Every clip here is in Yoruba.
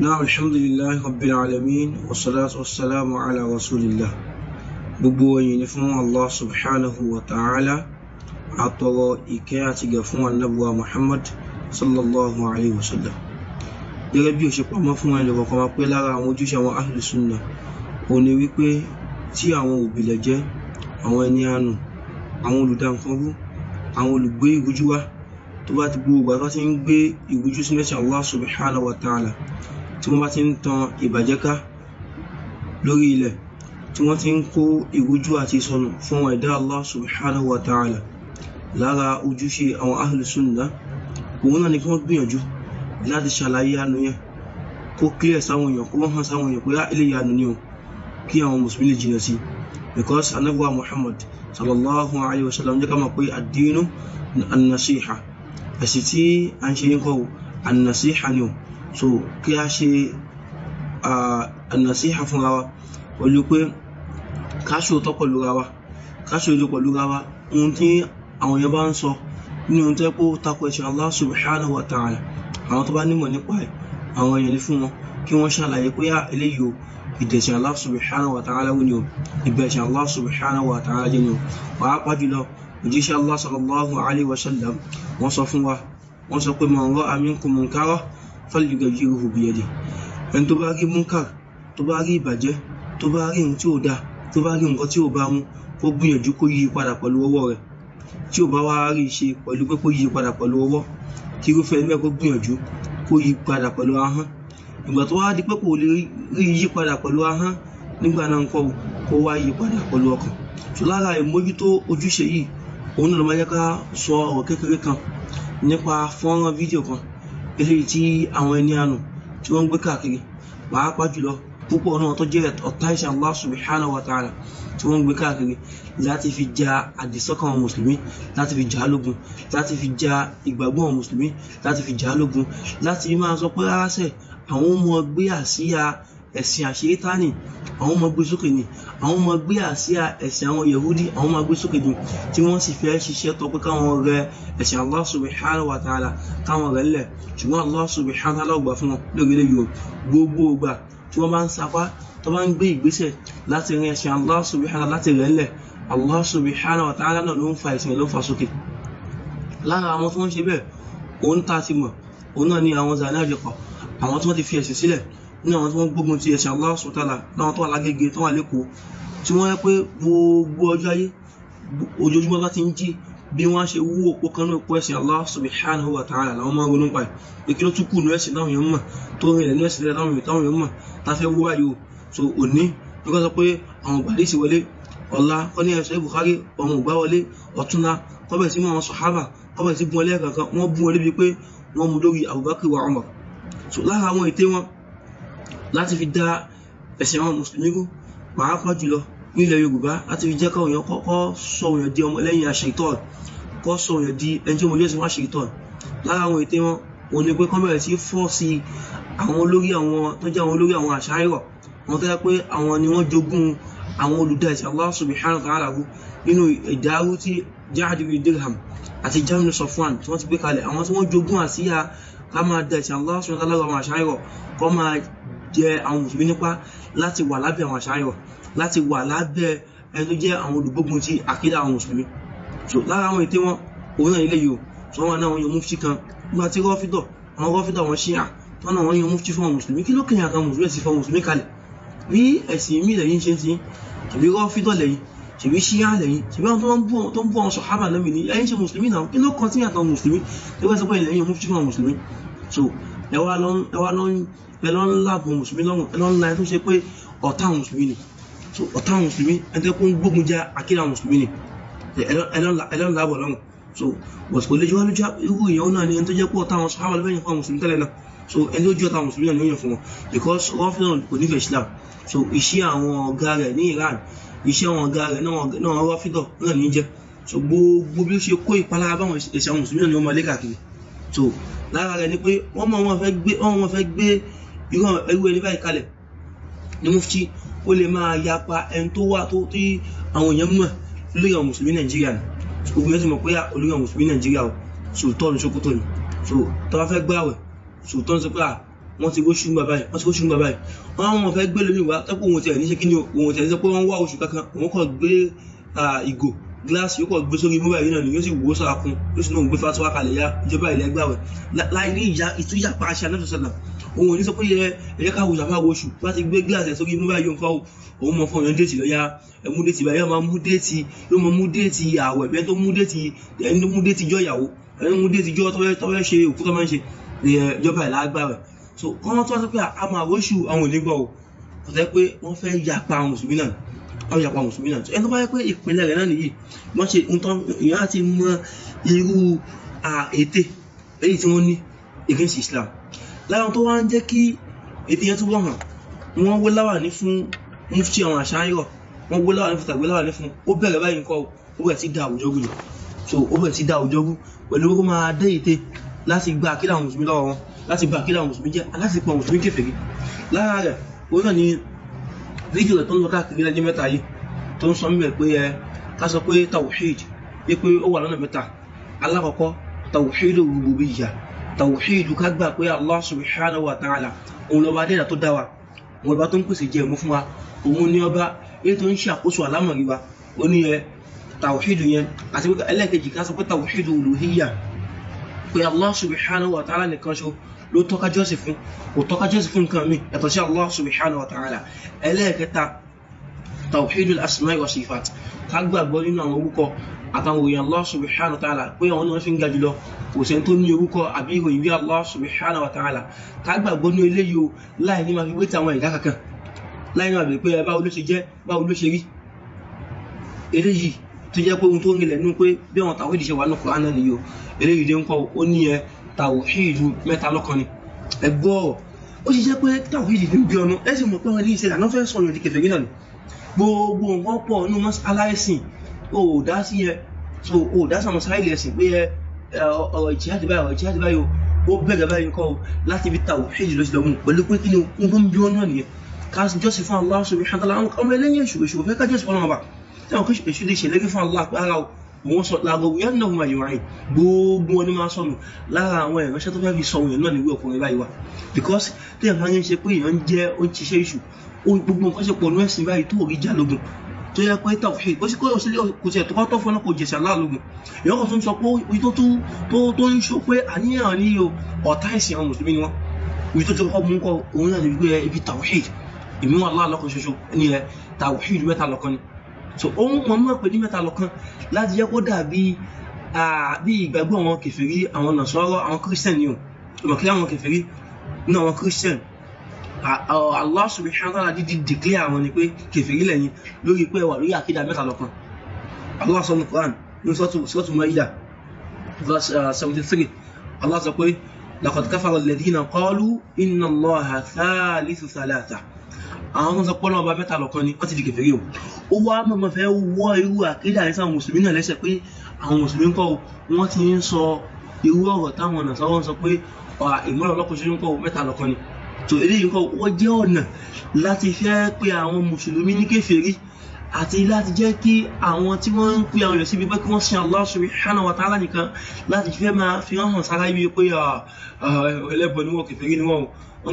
náà alhamdulillahi rabbil alamin wasalatu wasalamu ala rasulillah gbogbo oyin ni fún allah subhanahu wa ta'ala àtọrọ ìkẹ́ àti gẹ̀ fún annabuwa muhammad sallallahu alaihi wasallam gẹ́gẹ́ bí ó ṣe pamọ́ fún ẹni kọ̀ọ̀kan wa pé lára àwọn ojúṣe àwọn ahlu sunna ò ní wípé tí àwọn òbílẹ̀ jẹ́ àwọn ẹni àánú àwọn olùdáǹkanrú àwọn olùgbé ìrújú tó bá ti gbogbo àtọ́ ti ń gbé ìrújú sínú ẹ̀sìn allah subhanahu wa ta'ala tí wọ́n bá ti ń tan ìbàjẹ́ ká lórí ilẹ̀ tí wọ́n ti ń kó ìrújú àti ìsọnù fún àwọn ẹ̀dá Allah subhanahu wa ta'ala lára ojúṣe àwọn ahlu sunnah òun náà ni kí wọ́n gbìyànjú láti ṣàlàyé àánú yẹn kó clear sáwọn èèyàn kó hàn sáwọn èèyàn pé ah, because anabuwa Muhammad sallallahu alayhi wa sallam jẹ́ ká mọ̀ pé ad-dinu an-nasiha ẹ̀sìn tí so kí a ṣe ànàsíhà fúnra wa pẹ̀lú pé ká ṣòótọ́ pẹ̀lú ra wa ká ṣòótọ́ pẹ̀lú ra wa ohun tí àwọn yẹn bá ń sọ ní ohun tó yẹ kó tako ẹ̀ṣẹ̀ Allah subhanahu wa ta'ala àwọn tó bá nímọ̀ nípa ẹ̀ àwọn èèyàn lè fún wọn kí wọ́n ṣàlàyé pé á ah, eléyìí o ìdẹ̀ṣẹ̀ Allah subhanahu wa ta'ala wù ni o ìbẹ̀ṣẹ̀ Allah subhanahu wa ta'ala jẹ́ ni o pàápàá jùlọ òjíṣẹ́ Allah sallallahu alaihi wa sallam wọ́n sọ fún wa wọ́n sọ pé man ra'a minkum munkara falyughayyirhu biyadihi ẹni tó bá rí munkar tó bá rí ìbàjẹ́ tó bá rí ohun tí ò dáa tó bá rí nǹkan tí ò bá mú kó gbìyànjú kó yí padà pẹ̀lú ọwọ́ rẹ̀ tí ò bá wá rí ṣe pẹ̀lú pé kó yí padà pẹ̀lú ọwọ́ kí irúfẹ́ ẹgbẹ́ kó gbìyànjú kó yí padà pẹ̀lú ahọ́n ìgbà tó wá di pé kò lè rí yí padà pẹ̀lú ahọ́n nígbà náà nǹkan kó wá yí padà pẹ̀lú ọkàn tó lára ìmójútó ojúṣe yìí òun náà ló máa yẹ ká sọ ọ̀rọ̀ kékeré kan nípa fọ́nrán fídíò kan eléyìí tí àwọn ẹni àánú tí wọ́n ń gbé káàkiri pàápàá jùlọ púpọ̀ náà tó jẹ́ ọ̀tá ìṣẹ́ Allah subhanahu wa ta'ala tí wọ́n ń gbé káàkiri láti fi ja àdìsọ́kàn àwọn mùsùlùmí láti fi ja lógun láti fi ja ìgbàgbọ́ àwọn mùsùlùmí láti fi ja lógun láti máa sọ pé rárá sẹ́ àwọn ọmọ gbé àsíyà ẹ̀sìn àṣeétánì àwọn ọmọ gbé sókè ni àwọn ọmọ gbé àsíá ẹ̀sìn àwọn yahudi àwọn ọmọ gbé sókè ni tí wọ́n sì fẹ́ ṣiṣẹ́ tó pé káwọn rẹ ẹ̀sìn Allah subhanahu wa ta'ala káwọn rẹ̀ lẹ̀ ṣùgbọ́n Allah subhanahu wa ta'ala gbà fún wọn lórílẹ̀ yìí gbogbo ìgbà tí wọ́n bá ń sapá tó bá ń gbé ìgbésẹ̀ láti rin ẹ̀sìn Allah subhanahu láti rẹ̀ lẹ̀ Allah subhanahu wa ta'ala náà ló ń fa ẹ̀sìn ní àwọn tí wọ́n gbógun ti ẹ̀sìn Allah sọ̀tàlà láwọn tó wà lágége tó wà lẹ́kọ̀ọ́ tí wọ́n yẹ pé gbogbo ọjọ́ ayé ojoojúmọ́ bá ti ń jí bí wọ́n ṣe wú òpó kan náà pọ̀ ẹ̀sìn Allah subhanahu wa ta'ala làwọn máa ń ronú pàì pé kí ló tún kù nú ẹ̀sìn táwọn èèyàn mọ̀ tó rìnlẹ̀ nú ẹ̀sìn táwọn èèyàn mọ̀ tá fẹ́ wú báyìí o so òní bí wọ́n sọ pé àwọn gbàdí sì wọlé ọ̀la kọ́ ní ẹ̀sọ́ Bukhari ọmọ ògbà wọlé mọ́ àwọn sọ̀hábà kọ́bẹ̀ wa Umar so lára àwọn ète wọn láti fi dá ẹ̀sìn àwọn mùsùlùmí rú pàápàá jùlọ nílẹ̀ yorùbá láti fi jẹ́ káwọn èèyàn kọ́kọ́ sọ òyàn di ọmọ lẹ́yìn àṣetọ́n kọ́ sọ òyàn di ẹni tí mo lé ẹ̀sìn àṣetọ́n lára àwọn ète wọn òun ni pé kọ́ bẹ̀rẹ̀ sí fọ́ sí àwọn olórí àwọn tó jẹ́ àwọn olórí àwọn àṣàyọ̀ àwọn tó yẹ pé àwọn ni wọ́n jogún àwọn olùdáyẹsẹ̀ Allah subhanahu wa ta'ala nínú ìdárú tí jahadu dirham àti jamil sofwan tí wọ́n ti gbé kalẹ̀ àwọn tí wọ́n jogún àsíyà ká máa dẹ̀sẹ̀ Allah subhanahu wa ta'ala àwọn àṣàyọ̀ kọ́ máa jẹ àwọn mùsùlùmí nípa láti wà lábẹ́ àwọn àṣàyàn láti wà lábẹ́ ẹni tó jẹ́ àwọn olùgbógun ti àkídà àwọn mùsùlùmí so lára àwọn ète wọn òun náà ilé yìí o wọn náà wọn yọ mufti kan nígbà tí rọfídọ àwọn rọfídọ àwọn ṣíà wọn náà wọn yọ mufti fún àwọn mùsùlùmí kí ló kẹyìn àtàwọn mùsùlùmí ẹsìn fún mùsùlùmí kalẹ̀ bí ẹsìn mí lẹ́yìn ṣe ń ti ṣèbí rọfídọ lẹ́yìn ṣèbí ṣíà lẹ́yìn ṣèbí àwọn tó ń bú àwọn sọhábà lẹmí ni ẹ̀yin ṣe mùsùlùmí náà kí ló kàn tí àtàwọn mùsùlùmí ẹgbẹ́ sọ pé ilẹ̀ yọ mufti fún àwọn mùsùlùmí so ẹwà lọ pẹ̀lú ńlá gun mùsùlùmí lọ́rùn pẹ̀lú ńlá ẹ̀ tó ṣe pé ọ̀tá mùsùlùmí ni so ọ̀tá mùsùlùmí ẹni tó kún gbógun já akíra mùsùlùmí ni ẹ̀lọ́ ńlá bọ̀ lọ́rùn so wọ́n kò lè jọ wá lójú irú ìyàwó náà ni ẹni tó jẹ́ pé ọ̀tá wọn sọ́hábà ló fẹ́ yàn fún mùsùlùmí tẹ́lẹ̀ ni ó yàn fún wọn because wọ́n fi náà kò nífẹ̀ẹ́ Islam so iṣẹ́ àwọn ọ̀gá rẹ̀ ní Iran iṣẹ́ àwọn ọ̀gá rẹ̀ náà wọ́n fìdọ̀ náà ní jẹ́ so gbogbo bí ó ṣe kó ìpalára báwọn ẹ̀sẹ̀ àwọn ni wọ́n máa lé káàkiri so lára rẹ̀ ni pé wọ́n mọ̀ wọ́n fẹ́ gbé irú ẹni báyìí kalẹ̀ ní mufti ó lè máa yapa ẹni tó wà tó tí àwọn èèyàn mọ̀ lórí àwọn mùsùlùmí nàìjíríà ni gbogbo yẹn ti mọ̀ pé ah, olórí àwọn mùsùlùmí nàìjíríà o sòótọ́ ní Sókótó ni so tó bá fẹ́ gbààwẹ̀ sòótọ́ ní sọ pé à ah, wọ́n ti kó ṣùgbọ́n báyìí wọ́n ti kó ṣùgbọ́n báyìí wọ́n àwọn fẹ́ gbé lómi wá tẹ́kọ̀ òun tiẹ̀ níṣẹ́ kíni òun tiẹ̀ wọ́n wá oṣù kankan yóò kàn gbé sórí mobile yìí náà ni yóò sì wò sára kun yóò sì náà gbé fatiwa kalẹ̀ ya ìjọba ilẹ̀ gbààwẹ̀ láì ní ìyá ìtúyà pa àṣà náà sọ̀tàn òun ò ní sọ pé yẹ ẹyẹ káwọ ìjàmbá oṣù bá ti gbé gíláàsì ẹ sókè mú báyìí òun fáwọ òun mọ fọyàn déètì lọ́yà ẹ mú déètì báyìí máa mú déètì ló máa mú déètì àwọ̀ ẹ̀fẹ́ tó mú déètì ẹni tó mú déètì jọ ìyàwó ẹni mú jọ tọ́fẹ́ ṣe òkú tọ́fẹ́ ṣe ìjọba ìlágbára so kọ́mọ́ tó wá pé a máa àwọn onígbọ̀ o kò pé wọ́n fẹ́ yapa mùsùlùmí náà ẹni tó bá yẹ pé ìpínlẹ̀ rẹ̀ náà nìyí wọ́n ṣe ń ìyá àti mọ irú ète èyí tí wọ́n ní against Islam láwọn tó wá ń jẹ́ kí ètò yẹn túbọ̀ hàn wọ́n wó láwàní fún mufti àwọn àṣàyàn wọ́n wó láwàní fún tàgbé láwàní fún ó bẹ̀rẹ̀ báyìí nǹkan ó bẹ̀rẹ̀ sí da àwùjọ gbìn so ó bẹ̀rẹ̀ sí da àwùjọ gbìn pẹ̀lú ó máa dé ète láti gba àkílà àwọn mùsùlùmí lọ́wọ́ wọn láti gba àkílà àwọn mùsùlùmí jẹ́ láti pa mùsùlùmí kèfèrí lára rẹ̀ ó náà ní fídíò rẹ̀ tó ń lọ káàkiri lẹ́jọ́ mẹ́ta yìí tó ń sọ mí pé ẹ ká sọ pé tawhid pé ó wà lọ́nà mẹ́ta alákọ̀ọ́kọ́ tawhid rububiyya tàwùhídù ká gbà pé Allah subhanahu wa ta'ala òun lọ́ba dẹ́dà tó dá wa òun lọ́ba tó ń pèsè jẹ òun fún wa òun ní ọba èyí tó ń ṣàkóso àlámọ̀rí wa ó ní ẹ tàwùhídù yẹn àti pé ẹlẹ́ẹ̀kejì ká sọ pé tàwùhídù olùhíyà pé Allah subhanahu wa ta'ala nìkan ló tọ́ka jọ́sìn fún kò tọ́ka jọ́sìn fún nǹkan mi yàtọ̀ sí Allah subhanahu wa ta'ala ẹlẹ́ẹ̀kẹta tàwùhídù asma'i wa sifat ká gbàgbọ́ nínú àwọn orúkọ àtàwọn èèyàn Allah subhanahu wa ta'ala pé àwọn náà fi ń ga jùlọ kò sẹ́ni tó ní orúkọ àbí ìròyìn bí Allah subhanahu wa ta'ala ká gbàgbọ́ ní eléyìí o láì ní máa fi wéta àwọn ìdá kankan láì ní máa bèèrè pé báwo ló jẹ́ báwo ló ṣe rí eléyìí tó jẹ́ pé ohun tó ń rinlẹ̀ nínú pé bí àwọn tàwọn ìdíṣẹ́ wà ní Oh, that's dá so oh, that's almost sí àwọn sáyẹ̀lì ẹ̀sìn pé ọ̀rọ̀ ìjìyà ti báyìí ọ̀rọ̀ ìjìyà ti báyìí o ó bẹ̀rẹ̀ báyìí kọ́ o láti ibi ta òfíìdì ló ti lọ́mù pẹ̀lú pé kí ni ohun tó ń bí wọn náà nìyẹn ká jọ́sìn fún Allah subhanahu wa ta'ala àwọn ọmọ ẹlẹ́yìn èṣù èṣù fẹ́ ká jọ́sìn fún ọlọ́mọba táwọn kí èṣù lè ṣèlérí fún Allah pé ara o wọ́n sọ láàrọ̀ yẹn náà wọ́n yọ̀rọ̀ yìí gbogbo wọn ni máa sọnù àwọn ìránṣẹ́ tó fẹ́ because téèyàn máa ń ṣe pé èèyàn ń jẹ́ ó ń ṣiṣẹ́ èṣù gbogbo nǹkan ṣe pọ̀ nú ẹ̀sìn báyìí tó rí jà tó yẹ pé tawhid ó sì kó òsìlẹ kò tiẹ̀ tó kọ́ tó fún ọ kò jẹ̀sẹ̀ aláàlógún ìyọ́ kan tó ń sọ pé ojú tó tó ń sọ pé àníyàn ní o ọ̀tá ẹ̀sìn àwọn mùsùlùmí ni wọ́n ojú tó ti kọ́kọ́ mú kọ́ òun náà ní wípé ibi tawhid ìmú Allah lọ́kan ṣoṣo ní ẹ tawhid mẹ́ta lọ́kan ni so òun mọ̀ mọ́ pé ní mẹ́ta lọ́kan láti yẹ kó dàbí bí ìgbàgbọ́ àwọn kèfèrí àwọn nàṣọ́rọ̀ àwọn kírísítẹ̀n ni o ìmọ̀kílẹ̀ àwọn kèfèrí ní àwọn kírísítẹ̀n Uh, Allah subhanahu wa ta'ala dídí declare àwọn ni pé kèfèrí lẹ́yìn lórí pé wà lórí àkídà mẹ́ta lọ́kan Allah sọ ní Quran ní sọ́tù Maida verse 73 uh, Allah sọ pé laqad kafara alladhina qalu inna Allaha thalithu thalatha àwọn tó ń sọ pé ọlọ́ọ̀bá mẹ́ta lọ́kan ni wọ́n ti di kèfèrí o ó wá mọ̀mọ́ fẹ́ wọ́ irú àkídà yẹn sáwọn mùsùlùmí náà lẹ́sẹ̀ pé àwọn mùsùlùmí kọ́ wọ́n ti ń sọ irú ọ̀rọ̀ táwọn ọ̀nà sọ́wọ́n sọ pé ìmọ̀lọ́lọ́kùnṣe ń kọ́ mẹ́ta lọ́kan ni tó eléyìí kọ́ wọ́n jẹ́ ọ̀nà láti fẹ́ pé àwọn mùsùlùmí ní kèfèrí àti láti jẹ́ kí àwọn tí wọ́n ń pè àwọn èèyàn síbi pé kí wọ́n sin Allah subhanahu wa nìkan láti fẹ́ máa fi hàn hàn sára ibi pé ah, ah, ẹlẹ́bọ ni wọ́n kèfèrí ni wọ́n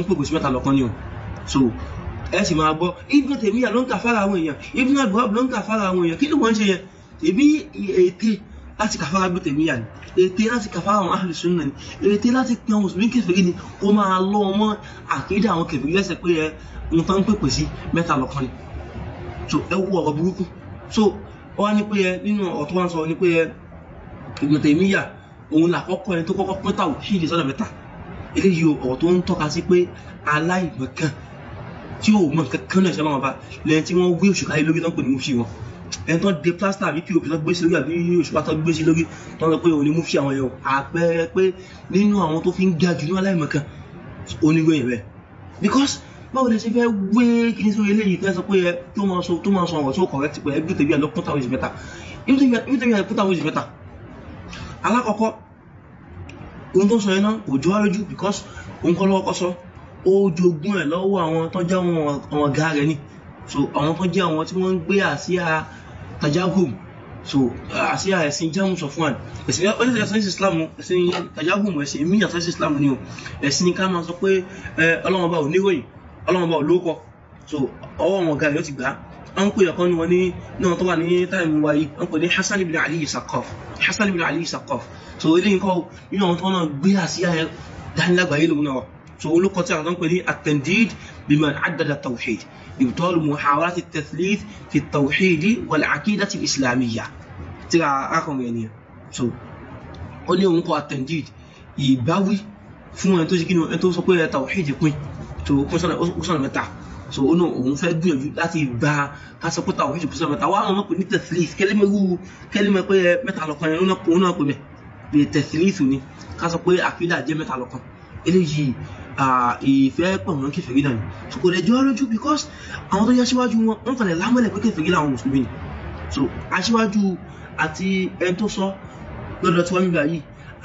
ń pè kò sí mẹ́ta lọ́kàn ni o so ẹ sì máa gbọ́ Ibn Taymiyyah ló ń kà fára àwọn èèyàn Ibn Wahb ló ń kà fára àwọn èèyàn kí ló wọ́n ń ṣe yẹn èbí ète láti kàfàrà bí tẹ̀míyà ni ète e láti kàfàrà àwọn ahlu sunna ni ète e láti pin àwọn mùsùlùmí kèfèrí ni kó máa lọ ọmọ àkídà àwọn kèfèrí lẹ́sẹ̀ pé ẹ ohun tó ń pèpè sí mẹ́ta lọ́kan ni so ẹ wo ọ̀rọ̀ burúkú so ó wá ní pé ẹ nínú ọ̀tọ́ wọn sọ ní pé ẹ Ibn Taymiyyah òun làkọ́kọ́ ẹni tó kọ́kọ́ pín tàwọn ṣíìdì sọ́dọ̀ mẹ́ta eléyìí ọ̀rọ̀ tó ń tọ́ka sí pé aláìmọ̀kan tí ò mọ̀ kankan náà ṣe máa wà lẹ́yìn tí wọ́n ẹni tó de plaster àbí pop tó gbé sí lórí àbí òṣùpá tó gbé sí lórí tó ń lọ pé òun ni mú fi àwọn yẹn àpẹẹrẹ pé nínú àwọn tó fi ń ga jù ní aláìmọ̀kan oníròyìn rẹ̀ because báwo lẹ ṣe fẹ́ wé kí ní sọ eléyìí tẹ́ sọ pé ẹ tó máa sọ tó máa sọ ọ̀rọ̀ tó correct pé every time you are looking at what is better every time you are looking at what is better alákọ̀ọ́kọ́ ohun tó sọ yẹn náà kò jọ wá lójú because òun kọ́ lọ́wọ́ kọ́ sọ ó jogún ẹ̀ lọ́wọ́ àwọn tó jẹ́ àwọn ọ̀gá rẹ̀ ni so àwọn tó jẹ́ àwọn tí wọ́n ń gbé àsíá tajahum so àti ah, ah, ẹ̀sìn jahum Safwan ẹ̀sìn ẹ̀sìn islam ẹ̀sìn tajahum ẹ̀sìn èmi yàtọ̀ ẹ̀sìn islam ni o ẹ̀sìn ká máa sọ pé ọlọ́run ọba ò níròyìn ọlọ́run ọba ò lóókọ so ọwọ́ wọn ga yóò ti gbà á an kò yàkan wọn ní náà tó wà ní táìmù wa yìí an kò ní Hasan ibn Ali Saqaf Ali Saqaf so eléyìí kọ́ nínú àwọn tó wọn gbé àsíá ẹ̀ dánilágbàáyé lòun náà so olùkọ́ tí àwọn tó ń pè ní at-Tandid biman addada tawhid إبطال محاولة التثليث في التوحيد والعقيدة الإسلامية ترى أكون يعني سو. ó ní òun kọ فما ìbáwí fún ẹni tó ṣe kíni ẹni tó sọ pé ẹta òhìdì pín tó kún sọ̀nà mẹ́ta so ó ní òun fẹ́ gbìyànjú láti bá ká sọ pé ta òhìdì kún sọ̀nà mẹ́ta wà á mọ̀ pé ní tẹ̀sílíìsì kẹ́lẹ́mẹ̀ wú kẹ́lẹ́mẹ̀ pé mẹ́ta lọ́kan ẹni ó náà pè bẹ́ẹ̀ tẹ̀sílíìsì ni ká sọ pé àkídà jẹ́ mẹ́ta lọ́kan eléyìí ìfẹ́ pọ̀ mọ́ kèfèrí náà ni so kò lè jọ lójú because àwọn tó yá síwájú wọn wọ́n kàn lè lámọ́lẹ̀ pé kèfèrí làwọn mùsùlùmí ni so aṣíwájú àti ẹni tó sọ lọ́dọ̀ tí wọ́n mìíràn yìí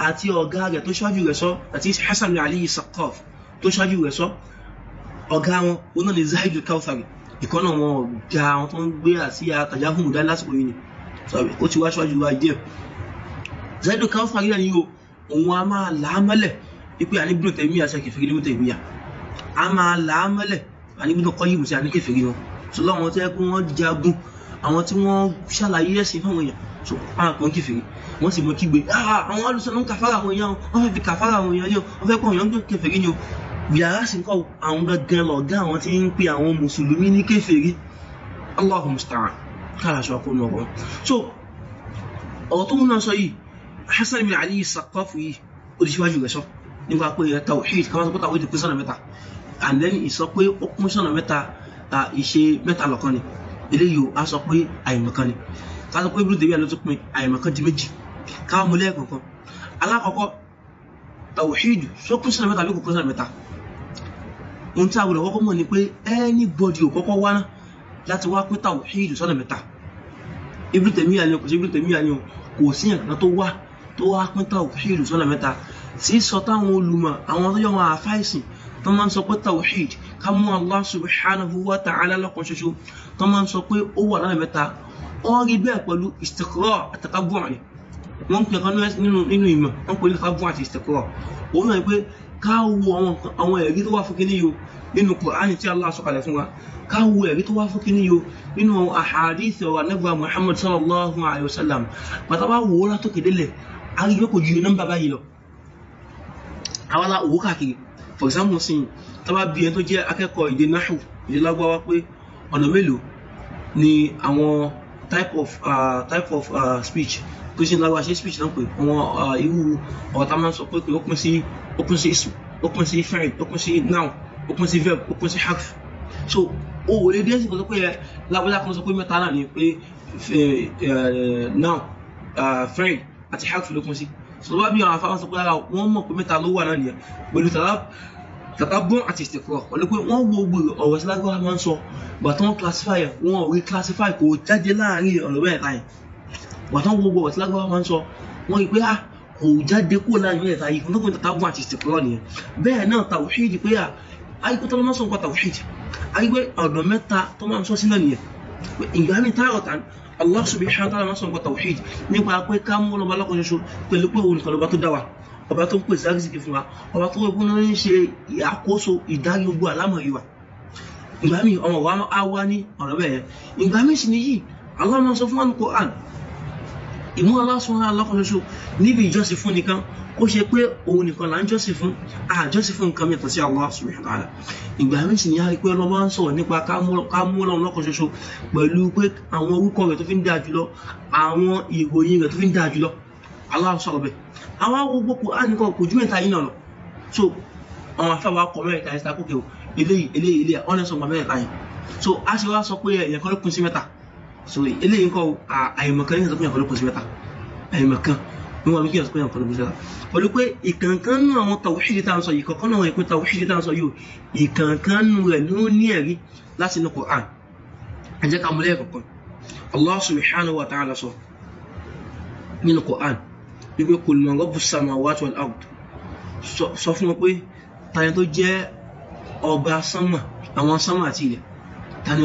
àti ọ̀gá rẹ̀ tó ṣáájú rẹ̀ sọ àti Hasan Ali Saqaf tó ṣáájú rẹ̀ sọ ọ̀gá wọn oná ni Zahidul Kawthari ìkọ́nà wọn ọ̀gá wọn tó ń gbé àti àtàjáhùn dá lásìkò yìí ni ó ti wá ṣáájú wa díẹ̀ Zahidul Kawthari náà ni òun a máa làámọ́lẹ̀ ipe àníbùnú tẹ̀mí àṣẹ kẹfìrí níbi tẹ̀mí à a máa là á mẹ́lẹ̀ àníbùnú kọ́ yìí mùsùlùmí kẹfìrí wọn so láwọn tó yẹ kó wọ́n jagun àwọn tí wọ́n ṣàlàyé ẹ̀sìn fáwọn èèyàn so àwọn kan kẹfìrí wọ́n sì mọ kígbe ah, àwọn alùsọ̀nù ń kàfàrà àwọn èèyàn wọ́n fẹ́ fi kàfàrà àwọn èèyàn yẹn wọ́n fẹ́ kọ́ èèyàn tó kẹfìrí ni o yàrá sì ń kọ́ àwọn gangan lọ̀gá àwọn tí ń pe àwọn mùsùlùmí ní kẹfìrí Allahu musta'an kára aṣọ akóni ọkùnrin so ọ̀rọ̀ tó ń náà sọ yìí Hasan bin Ali Saqafi yìí ó ti ṣíwájú rẹ̀ sọ́ọ́ nípa pé tawhid kí wọ́n sọ pé tawhid pín sọ́nà mẹ́ta and then ìsọ pé ó pín sọ́nà mẹ́ta ìṣe mẹ́ta lọ́kan ni eléyìí ó sọ pé àìmọ̀kan ni ká sọ pé ibùdó tèmi àlọ́ tó pin àìmọ̀kan di méjì ká mú lẹ́ẹ̀kọ̀ọ̀kan alákọ̀ọ́kọ́ tawhid sọ pín sọ́nà mẹ́ta àbí kò pín sọ́nà mẹ́ta ohun tí a wùlọ̀ kọ́kọ́ mọ̀ ni pé anybody ò kọ́kọ́ wá láti wá pín tawhid sọ́nà mẹ́ta ibùdó tèmi àlọ́ kò sí ibùdó tèmi àlọ́ kò sí ẹ̀kan tó wá tó wá pín tawhid sọ́nà mẹ́ta sí sọ táwọn olùmọ̀ àwọn tó yọ wọn àfáìsìn tó máa ń sọ pé tawhid ká mú Allah subhanahu wa ta'ala lọ́kan ṣoṣo tó máa ń sọ pé ó wà lọ́nà mẹ́ta ó rí bẹ́ẹ̀ pẹ̀lú istiqrar àtàkàbùn rẹ̀ wọ́n pè kan nínú ìmọ̀ wọ́n pè ní kábùn àti istiqrar òun náà pé ká wo àwọn ẹ̀rí tó wà fún kíní yìí nínú Kùránì tí Allah sọ̀kalẹ̀ fún wa ká wo ẹ̀rí tó wá fún kíní yìí nínú àwọn àhàdíìsì ọ̀rọ̀ Muhammad sallallahu alayhi wa sallam pàtàkì wò ó látòkè délẹ̀ a rí pé kò ju nọ́mbà báyìí lọ àwọn aláwọ̀ káàkiri for example sin tọ́wá bí ẹni tó jẹ́ akẹ́kọ̀ọ́ èdè náhù èdè lágbáwá pé ọ̀nà mélòó ni àwọn type of uh, type of uh, speech tó ṣe ń lágbá ṣe speech náà pé àwọn uh, irú ọ̀rọ̀ tá máa ń sọ pé ó pín sí ó pín sí ism ó pín sí fẹ́rẹ̀ ó pín sí noun ó pín sí verb ó sí harf so o wò lè dé sí ìkọ́sọ́ pé lágbájá kan sọ pé mẹ́ta náà ni pé eh, eh, noun uh, fẹ́rẹ̀ àti hàlùfù lókun sí sọlọ́wọ́ bí àwọn afáwọn sọ wọ́n mọ̀ pé mẹ́ta ló wà náà nìyẹn pẹ̀lú tàbí àti ìsìnkọ́ pẹ̀lú wọ́n wo gbogbo ọ̀rọ̀ sí lágbára máa ń sọ gbàtàn classify wọn rí classify kò jáde láàrin ọ̀rọ̀ ah, mẹ́ta yẹn wọ́n ah, tán Allah subhanahu wa ta'ala máa sọ nípa tawhid nípa pé ká mú ọlọ́ba alákọ̀ọ́ ṣoṣo pẹ̀lú pé òun nìkan lọ́ba tó dá wa ọba tó ń pèsè àrísìkí fún wa ọba tó gbogbo náà ń ṣe àkóso ìdarí gbogbo àlámọ̀ yìí wa ìgbà míì ọmọ wa á wá ní ọ̀rọ̀ bẹ́ẹ̀ ìgbà míì sì nìyí Allah máa sọ fún wa ní Quran ìmú Allah subhanahu níbi ìjọsìn fún nìkan kó ṣe pé òun nìkan là ń jọ́sìn fún àjọ́sìn fún nǹkan mìíràn sí Allah subhanahu wa ta'ala ìgbà míì sì ní a rí pé ọlọ́wọ́ ń sọ̀rọ̀ nípa ká mú Ọlọ́run lọ́kàn ṣoṣo pẹ̀lú pé àwọn orúkọ rẹ̀ tó fi ń dáa jùlọ àwọn ìròyìn rẹ̀ tó fi ń dáa jùlọ Allah sọ̀rọ̀ bẹ́ẹ̀ àwọn gbogbo kò á nìkan kò ju mẹ́ta yìí náà lọ so àwọn afẹ́wà kọ mẹ́ta yìí sákòkè o eléyìí eléyìí eléyìí ọ̀nà sọ̀gbà mẹ́ta yìí so a ṣe wá sọ pé ẹ̀yàn kan ló kún sí mẹ́ta so eléyìí nǹkan àìmọ̀kan ní ìsọ̀kan ẹ̀yàn kan ló kún sí mẹ́ta àìmọ̀kan ní wọn kí ọ̀sán ọ̀kan lóbi sára pẹ̀lú pé ìkànkan nù àwọn tàwíṣìdì tá à ń sọ yìí kọ̀ọ̀kan náà ìpín tàwíṣìdì tá à ń sọ yìí ìkànkan nù rẹ̀ ló ní ẹ̀rí láti inú Qur'an ẹ jẹ́ ká mú lẹ́ẹ̀kọ̀kan Allah subhanahu wa ta'ala sọ nínú Qur'an wípé kul man rabbus samawati wal ard sọ fún wọn pé tani tó jẹ́ ọba sánmà àwọn sánmà àti ilẹ̀ tani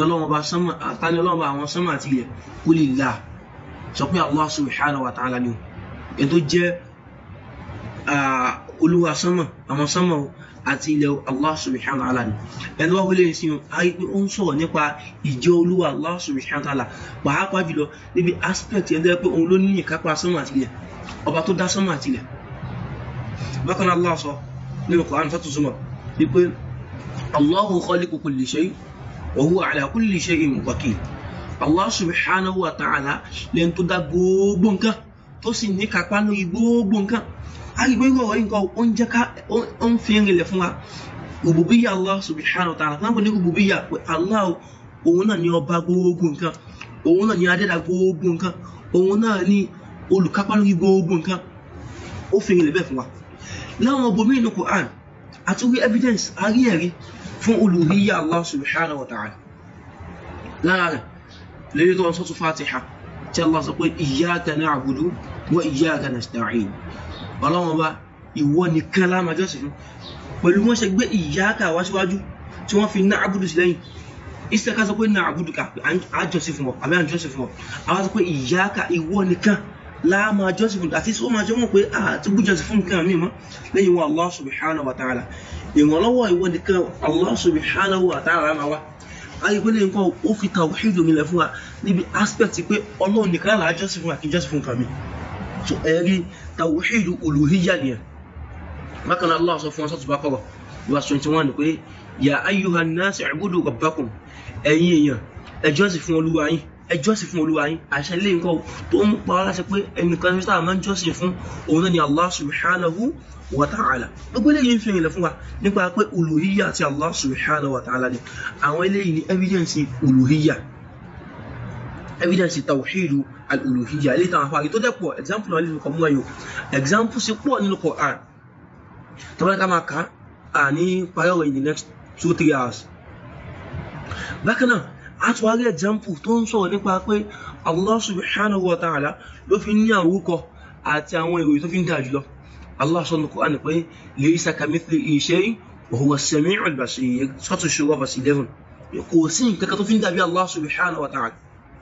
ọlọ́run sánmà àti ilẹ̀ kulillah sọ pé Allah subhanahu wa ta'ala ni ẹni tó jẹ́ olúwa sánmà àwọn sánmà àti ilẹ̀ Allah subhanahu wa ta'ala ni ẹni wá wọlé sí ó ń sọ̀rọ̀ nípa ìjẹ́ olúwa Allah subhanahu wa ta'ala pàápàá jùlọ níbi aspect ẹni tó yẹ pé òun ló ní ìkápá sánmà àti ilẹ̀ ọba tó dá sánmà àti ilẹ̀ bákan náà Allah sọ nínú Quran tó tún súnmọ́ wípé Allahu khaliqu kulli shay wa huwa ala kulli shay'in wakil Allah subhanahu wa ta'ala lẹ́ni tó dá gbogbo nǹkan tó sì ní kápá lórí gbogbo nǹkan àgbègbè ọ̀rọ̀ yìí nǹkan ó ń jẹ́ ká ó ń fi rinlẹ̀ fún wa rububiyya Allah subhanahu wa ta'ala náà ní pé Allah òun náà ni ọba gbogbo nǹkan òun náà ni adẹ́dà gbogbo nǹkan òun náà ni olùkápá lórí gbogbo nǹkan ó fi rinlẹ̀ bẹ́ẹ̀ fún wa láwọn ọbọ̀mí inú Qur'an àti orí evidence arí ẹ̀rí fún Allah subhanahu wa ta'ala lára rẹ̀ lórí tó sọ́tún Fatiha tí wa iyyaka nasta'in ọlọ́wọ́n bá ìwọ nìkan la máa jọ́sìn fún pẹ̀lú wọ́n ṣe gbé iyyaka wá síwájú tí wọ́n fi ná àbúdù sí lẹ́yìn ìsẹ́ká sọ pé ná àbúdù ká àjọsìn fún ọ àbí àjọsìn fún ọ àwọn sọ pé iyyaka ìwọ nìkan la máa jọ́sìn fún àti sọ máa jọ mọ̀ pé àtúgbù jọ́sìn fún nǹkan mi mọ́ lẹ́yìn wọn Allah subhanahu wa ta'ala ìrànlọ́wọ́ ìwọ nìkan Allah subhanahu wa ta'ala máa wá ayípele nǹkan ó fi tàwíìdù mi lẹ̀ fún wa níbi aspect pé ọlọ́run nìkan làá jọ́sìn fún àkíjọ́sìn fún nǹkan mi so ẹ̀rí tawhidu uluhiyya nìyẹn bákan náà Allah sọ fún wọn sọ́tù bá kọ̀rọ̀ verse twenty one pé ya ayyuhan nas i'budu rabbakum ẹ̀yin èèyàn ẹ jọ́sìn fún olúwa yín ẹ jọ́sìn fún olúwa yín àṣẹ lè nǹkan tó ń pa ọ́ láṣẹ pé ẹnìkan tó máa ń jọ́sìn fún òun náà ni Allah subhanahu wa ta'ala gbogbo eléyìí fi ìrìnlẹ̀ fún wa nípa pé uluhiyya àti Allah subhanahu wa ta'ala ni àwọn eléyìí ni evidence uluhiyya evidence tawhidu al-uluhiyya ilé ìtàn àfáàrí tó dẹ́pọ̀ example náà nínú kọ mú ẹyọ example sí pọ̀ nínú Qur'an tọ́bọ́n ká máa ká à ní payọ́rọ̀ in the next two three hours bákan náà a tún example tó ń sọ̀rọ̀ nípa pé Allah subhanahu wa ta'ala ló fi ní àwúkọ àti àwọn ìròyìn tó fi ń dà jùlọ Allah sọ nínú Qur'an pé laysa kamithlihi shay'un wa huwa as-sami'ul basir sọ́tún ṣòro verse kò sí nǹkan kan tó fi ń dàbí Allah subhanahu wa ta'ala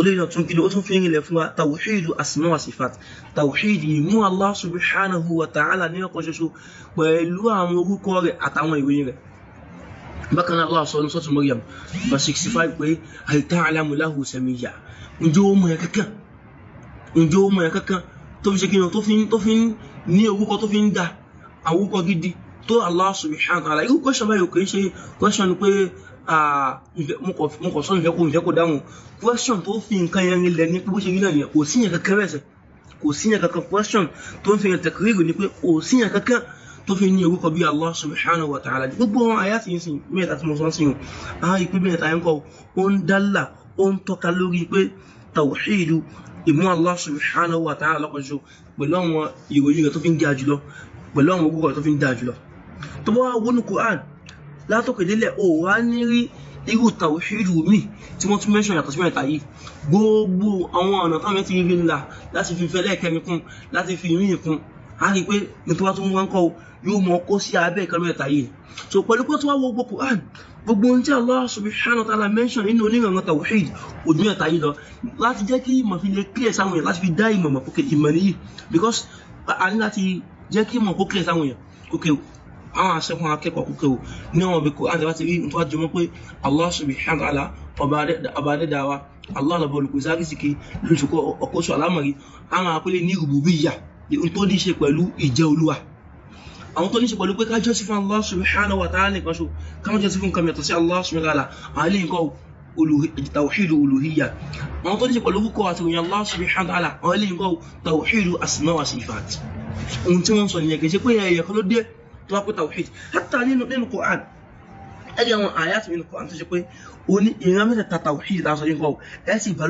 olóyìn ọ̀tún kí ló tún fi rinlẹ̀ fún wa tàwíìdù asma wa sifat tàwíìdì mú Allah subhanahu wa ta'ala ní ọkàn ṣoṣo pẹ̀lú àwọn orúkọ rẹ̀ àtàwọn ìròyìn rẹ̀ bákan náà sọ ní sọ́tún Maryam bá 65 pé hal ta'lamu lahu samiyya ǹjẹ́ ó mọ ẹ̀ kankan ǹjẹ́ ó mọ ẹ̀ kankan tó fi ṣe kíni tó fi ní orúkọ tó fi ń mo kàn sọ nfẹ́ kó nfẹ́ kó dáhùn question tó fi nǹkan yẹn rinlẹ̀ ní pé bó ṣe rí náà nìyẹn kò sí yẹn kankan rẹ̀ sẹ̀ kò sí yẹn kankan question tó ń fi yẹn tẹ̀kírìrì ni pé kò sí yẹn kankan tó fi ní orúkọ bí Allah subhanahu wa ta'ala gbogbo wọn àyà sì ń sìn mẹ́ta tí mo sọ ń sìn o àwọn ìpè mẹ́ta yẹn kọ́ ó o dálà ó ń tọ́ka lórí pé tawhidu ìmú Allah subhanahu wa ta'ala lọ́kọ̀ọ́sọ pẹ̀lú àwọn ìròyìn rẹ̀ tó fi ń dáa jùlọ pẹ̀lú àwọn orúkọ rẹ̀ tó fi ń dáa jùlọ tó bá wọnú Qur'an látòkè délẹ̀ ò wá ní rí irú tàwíṣírù mi tí wọ́n tún mẹ́ṣọ̀ yàtọ̀ sí mẹ́ta yìí gbogbo àwọn ọ̀nà táwọn ti rí ńlá láti fi fẹ́lẹ́ kẹmi kún láti fi rí ìkún a rí i pé nítorí wá tó ń wá ń kọ́ yóò mọ kó sí abẹ́ ìkànnì mẹ́ta yìí so pẹ̀lú pé tó wá wo gbogbo Quran gbogbo ohun tí Allah subhanahu wa ta'ala mention nínú onírànran tawhid òdùn ẹ̀ta yìí lọ láti jẹ́ kí ìmọ̀ fi lè clear sáwọn èèyàn láti fi dá ìmọ̀ mọ̀ kókè ìmọ̀ nìyí because a ní láti jẹ́ kí ìmọ̀ kó clear sáwọn èèyàn kókè àwọn aṣẹ́kùn akẹ́kọ̀ọ́ kúkẹ́wò ní àwọn ibìkú àti láti rí nítorí jọmọ́ pé Allah subhanahu wa ta'ala ọba adẹ́dáwa Allah lọ́bọ̀ olùkùsáàkìsìkì lóṣùkọ́ ọkọ̀ṣọ́ alámọ̀rí àwọn àpẹẹlẹ ní rububiyya tó àwọn tó ní ṣe pẹ̀lú pé ká jọ́sí fún Allah subhanahu wa nìkan ṣo ká wọ́n fún kàmìyàtọ̀ sí Allah subhanahu wa nǹkan tawhidu uluhiyya àwọn tó ní ṣe pẹ̀lú kúkọ àti òyìn Allah subhanahu wa ta'ala nǹkan tawhidu tó bá pé tawhid hátà nínú nínú Qur'an ẹni àwọn àyàtì nínú Qur'an tó ṣe pé o ní ìran mẹ́tẹ̀ẹ̀ta tawhid aṣọ yín kọ́ ẹ sì bá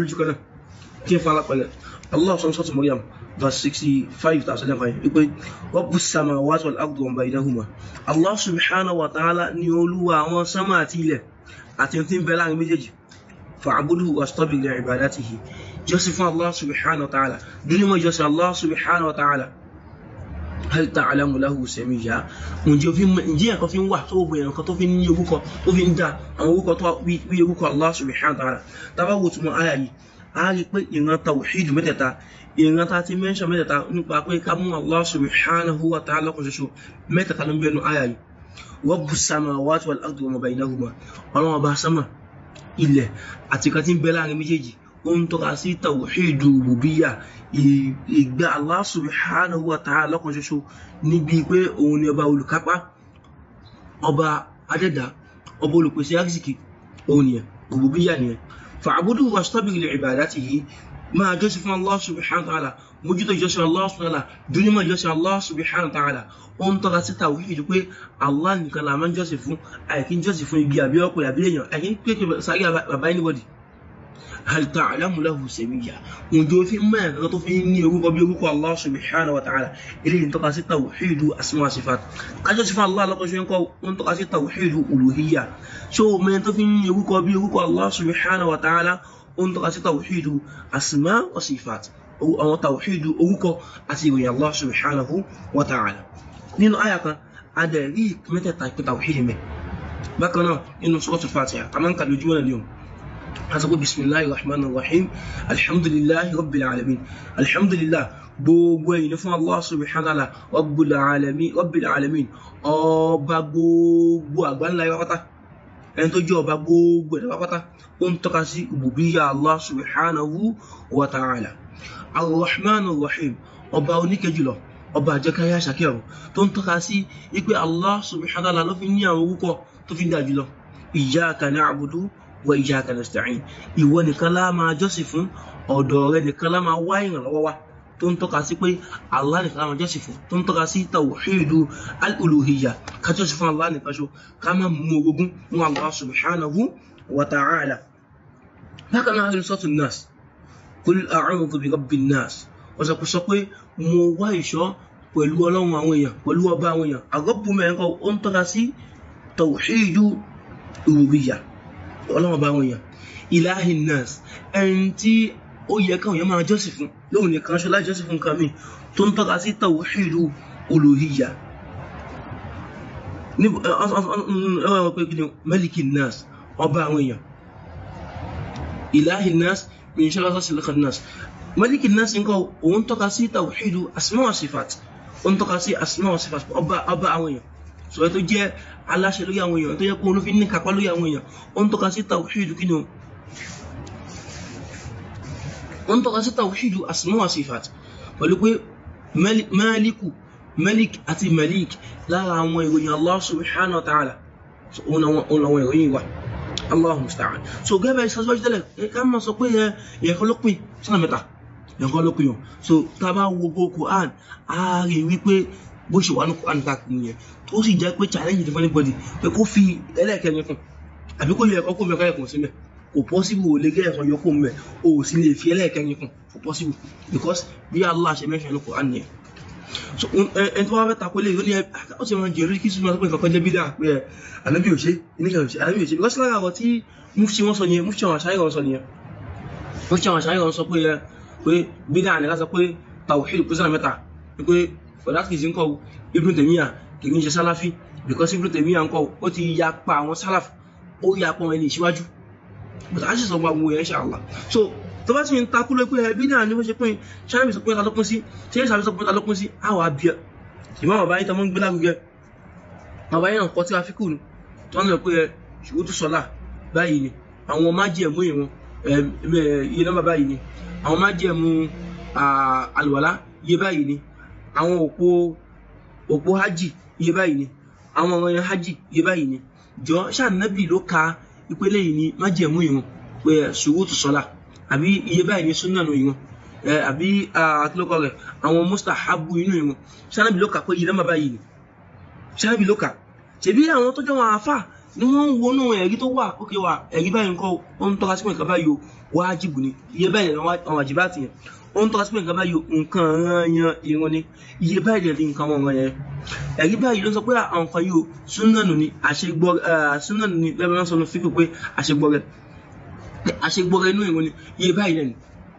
kí n fara pẹ̀lẹ́ Allah sọ sọ́tù Maryam verse sixty five thousand and five wípé Rabbu samawati wal ardi wa baynahuma Allah subhanahu wa ta'ala ni olúwa àwọn sánmà àti ilẹ̀ àti tí ń bẹ láàrin méjèèjì fa'buduhu wastabir li ibadatihi hal ta'lamu lahu samiyya ǹjẹ́ òfin ǹjẹ́ ẹ̀kan fi ń wà tó gbogbo ẹ̀kan tó fi ní orúkọ tó fi ń dá àwọn orúkọ tó wí orúkọ Allah subhanahu wa ta'ala tábà wo túmọ̀ àyà yìí a rí pé ìran tàwùhídù mẹ́tẹ̀ẹ̀ta ìran ta ti mẹ́ṣọ̀ mẹ́tẹ̀ẹ̀ta nípa pé ká mú Allah subhanahu wa ta'ala kan ṣoṣo mẹ́tẹ̀ẹ̀ta ló ń bẹnu àyà yìí Rabbu samawati wal ardi wa ma baynahuma ọlọ́wọ́ bá sama ilẹ̀ àti kan tí ń bẹ láàrin méjèèjì ó ń tọ́ka sí tawhidu rububiyya ìgbà Allah subhanahu wa ta'ala lọ́kan ṣoṣo níbi pé òun ni ọba olùkápá ọba adẹ́dá ọba olùpèsè àrísìkí òun nìyẹn rububiyya nìyẹn fa'budu wastabir li ibadatihi máa jọ́sìn fún Allah subhanahu wa ta'ala mójútó ìjọsìn Allah subhanahu wa ta'ala dúnímọ̀ ìjọsìn Allah subhanahu wa ta'ala ó ń tọ́ka Allah nìkan la máa ń jọ́sìn fún àìkí jọ́sìn fún igi àbí ọkùnrin àbí èèyàn àìkí pé sáré bàbá anybody halitta alamulahu samiya ǹjẹ́ o fi ń mẹ́rin kankan tó fi ń ní orúkọ bí orúkọ allah subhanahu wa ta'ala eléyìí ń tọ́ka sí tawhidu asma sifat kájọ́ sifat allah lọ́kọ̀ọ́sọ ń kọ́ ń tọ́ka sí tawhidu uluhiyya so mẹ́rin tó fi ń ní orúkọ bí orúkọ allah subhanahu wa ta'ala ó ń tọ́ka sí tawhidu asma wa sifat àwọn tawhidu orúkọ àti ìròyìn allah subhanahu wa ta'ala nínú àyà kan adẹ̀rí mẹ́tẹ̀ẹ̀ta ìpẹ́tàwíìdì mẹ́ bákan náà nínú sọ́ọ̀tù fatiha a máa ń kà lójúmọ́ náà ni asọ́pọ̀ bisimilahi rahman rahim alhamdulilahi rabbil alamin alhamdulillah gbogbo ẹ̀yìn fún allah subhanahu rabbil alamin rabbil alamin ọba gbogbo àgbáńlá yọ pátá ẹni tó jẹ́ ọba gbogbo ẹ̀dá pátá ó ń tọ́ka sí ubudiyya allah subhanahu wa ta'ala alrahman rahim ọba oníkejìlọ ọba àjẹkáyà ṣàkíyàwó tó ń tọ́ka sí wípé allah subhanahu ló fi ní àwọn orúkọ tó fi dájú lọ iyyaka na'budu wa iyyaka nasta'in ìwọ nìkan la máa jọ́sìn fún ọ̀dọ̀ rẹ nìkan la máa wá ìrànlọ́wọ́ wa tó ń tọ́ka sí pé Allah nìkan la máa jọ́sìn fún tó ń tọ́ka sí tawhidu al-uluhiyya ká jọ́sìn fún Allah nìkan ṣo ká má mú orogún mú Allah subhanahu wa ta'ala bákan náà ní sọ́tún nas qul a'udhu bi rabbin nas wọ́n sọ sọ pé mo wá ìṣọ́ pẹ̀lú ọlọ́run àwọn èèyàn pẹ̀lú ọba àwọn èèyàn àgọ́bùnmẹ́ńkọ́ ó ń tọ́ka sí tawhidu uluhiyya ọlọ́wọ́n bá wọn yàn ilahin nas ẹni tí ó yẹ káwọn yẹn máa jọ́sìn fún lóhun nìkan ṣọlá jọ́sìn fún kàmí tó ń tọ́ka sí tawhidu uluhiyya malikin nas ọba àwọn èèyàn ilahin nas min ṣọ́lá sílẹ̀kan nas malikin nas nǹkan òun tọ́ka sí tawhidu tó jẹ́ aláṣẹ lórí àwọn èèyàn tó yẹ kó ló fi ní kápá lórí àwọn èèyàn ó ń tọ́ka sí tawhidu kí ni o ó ń tọ́ka sí tawhidu asma wa sifat pẹ̀lú pé mẹ́líkù mẹ́lík àti mẹ́lík lára àwọn ìròyìn Allah subhanahu wa ta'ala òun àwọn ìròyìn wa Allah musta'an so gẹ́gẹ́ ìsọ́sọ́jú tẹ́lẹ̀ ká mọ́ sọ pé ẹ̀kọ́ ló pin sọ́nà so tá a bá wo bó ṣe wà ní kwan káàkiri yẹn tó sì jẹ́ pé challenge ní anybody pé kó fi ẹlẹ́ẹ̀kẹrin kún àbí kó yọ ẹ̀kọ́ kó mẹ́kọ́ ẹ̀kún síbẹ̀ kò possible ò lè kẹ́yẹ̀kan yọ kó mẹ́ o ò sì lè fi ẹlẹ́ẹ̀kẹrin kún kò possible because bí Allah ṣe mention ní kwan nìyẹn so ẹni tó wá fẹ́ takò lè yọlé ó ti ràn jẹrí kí sùn máa tó pé nǹkan kan jẹ́ bídà pé ẹ ànábì ò ṣe oníkàwé ṣe ànábì ò ṣe because lára àwọn tí mufti wọn sọ nìyẹn mufti àwọn àṣàyàn wọn sọ nìyẹn mufti àwọn àṣàyàn wọn sọ pé ẹ pé bídà ni láti sọ pé tàwùhídù kúsìnà mẹ́ta pé for that reason kọ́ Ibn Taymiyyah kì í ṣe sálàfí because Ibn Taymiyyah kọ́ ó ti yapa àwọn sálàf ó yapa wọn ẹni ìṣíwájú but a ṣe sọ gbogbo yẹn inshallah so tó bá ti ń takú lé pé ẹbí náà ni wọ́n ṣe pín ṣáàbì sọ pé ta lókun sí ṣe é ṣàbí sọ pé ta lókun sí àwọn abíyà ìmọ̀ àwọn báyìí tó mọ́ ń gbé lárugẹ àwọn báyìí náà kọ́ tí wàá fi kù ni tó ń lọ pé ṣùgbọ́n tó sọlá báyìí ni àwọn májẹ̀mú ìwọ̀n iye nọ́mbà báyìí ni àwọn májẹ̀mú àlùwàlá iye báyìí ni àwọn òpó òpó hajj iye báyìí ni àwọn ọmọ yẹn hajj iye báyìí ni jọ ṣàǹnàbì ló ka ìpele yìí ni májẹ̀mú ìrun pé ṣùwútù sọ́là àbí iye báyìí ni súnànù ìrun àbí àtúlọ́kọ rẹ̀ àwọn habu inú ìrun ṣàǹnàbì ló kà pé iye lọ́mọ báyìí ni ṣàǹnàbì ló kà ṣèbí àwọn tó jẹ́ wọn àáfà ni wọ́n ń wọnú ẹ̀rí tó wà ókè wà ẹ̀rí báyìí nǹkan ó ń tọ́ka sí pé nǹkan báyìí o wájìbù ni iye báyìí ni àwọn àjìbá ti ó ń tọ́ sí pé nǹkan báyìí nǹkan ọ̀ràn yan irun ni iye báyìí lè rí nǹkan wọn ọ̀ràn yẹn ẹ̀rí báyìí ló ń sọ pé àwọn nǹkan yìí ó súnánù ni àṣegbọ́ súnánù ni lẹ́bẹ̀rẹ̀ sọ fíkù pé àṣegbọ́ rẹ̀ àṣegbọ́ rẹ̀ inú irun ni iye báyìí lẹ́nu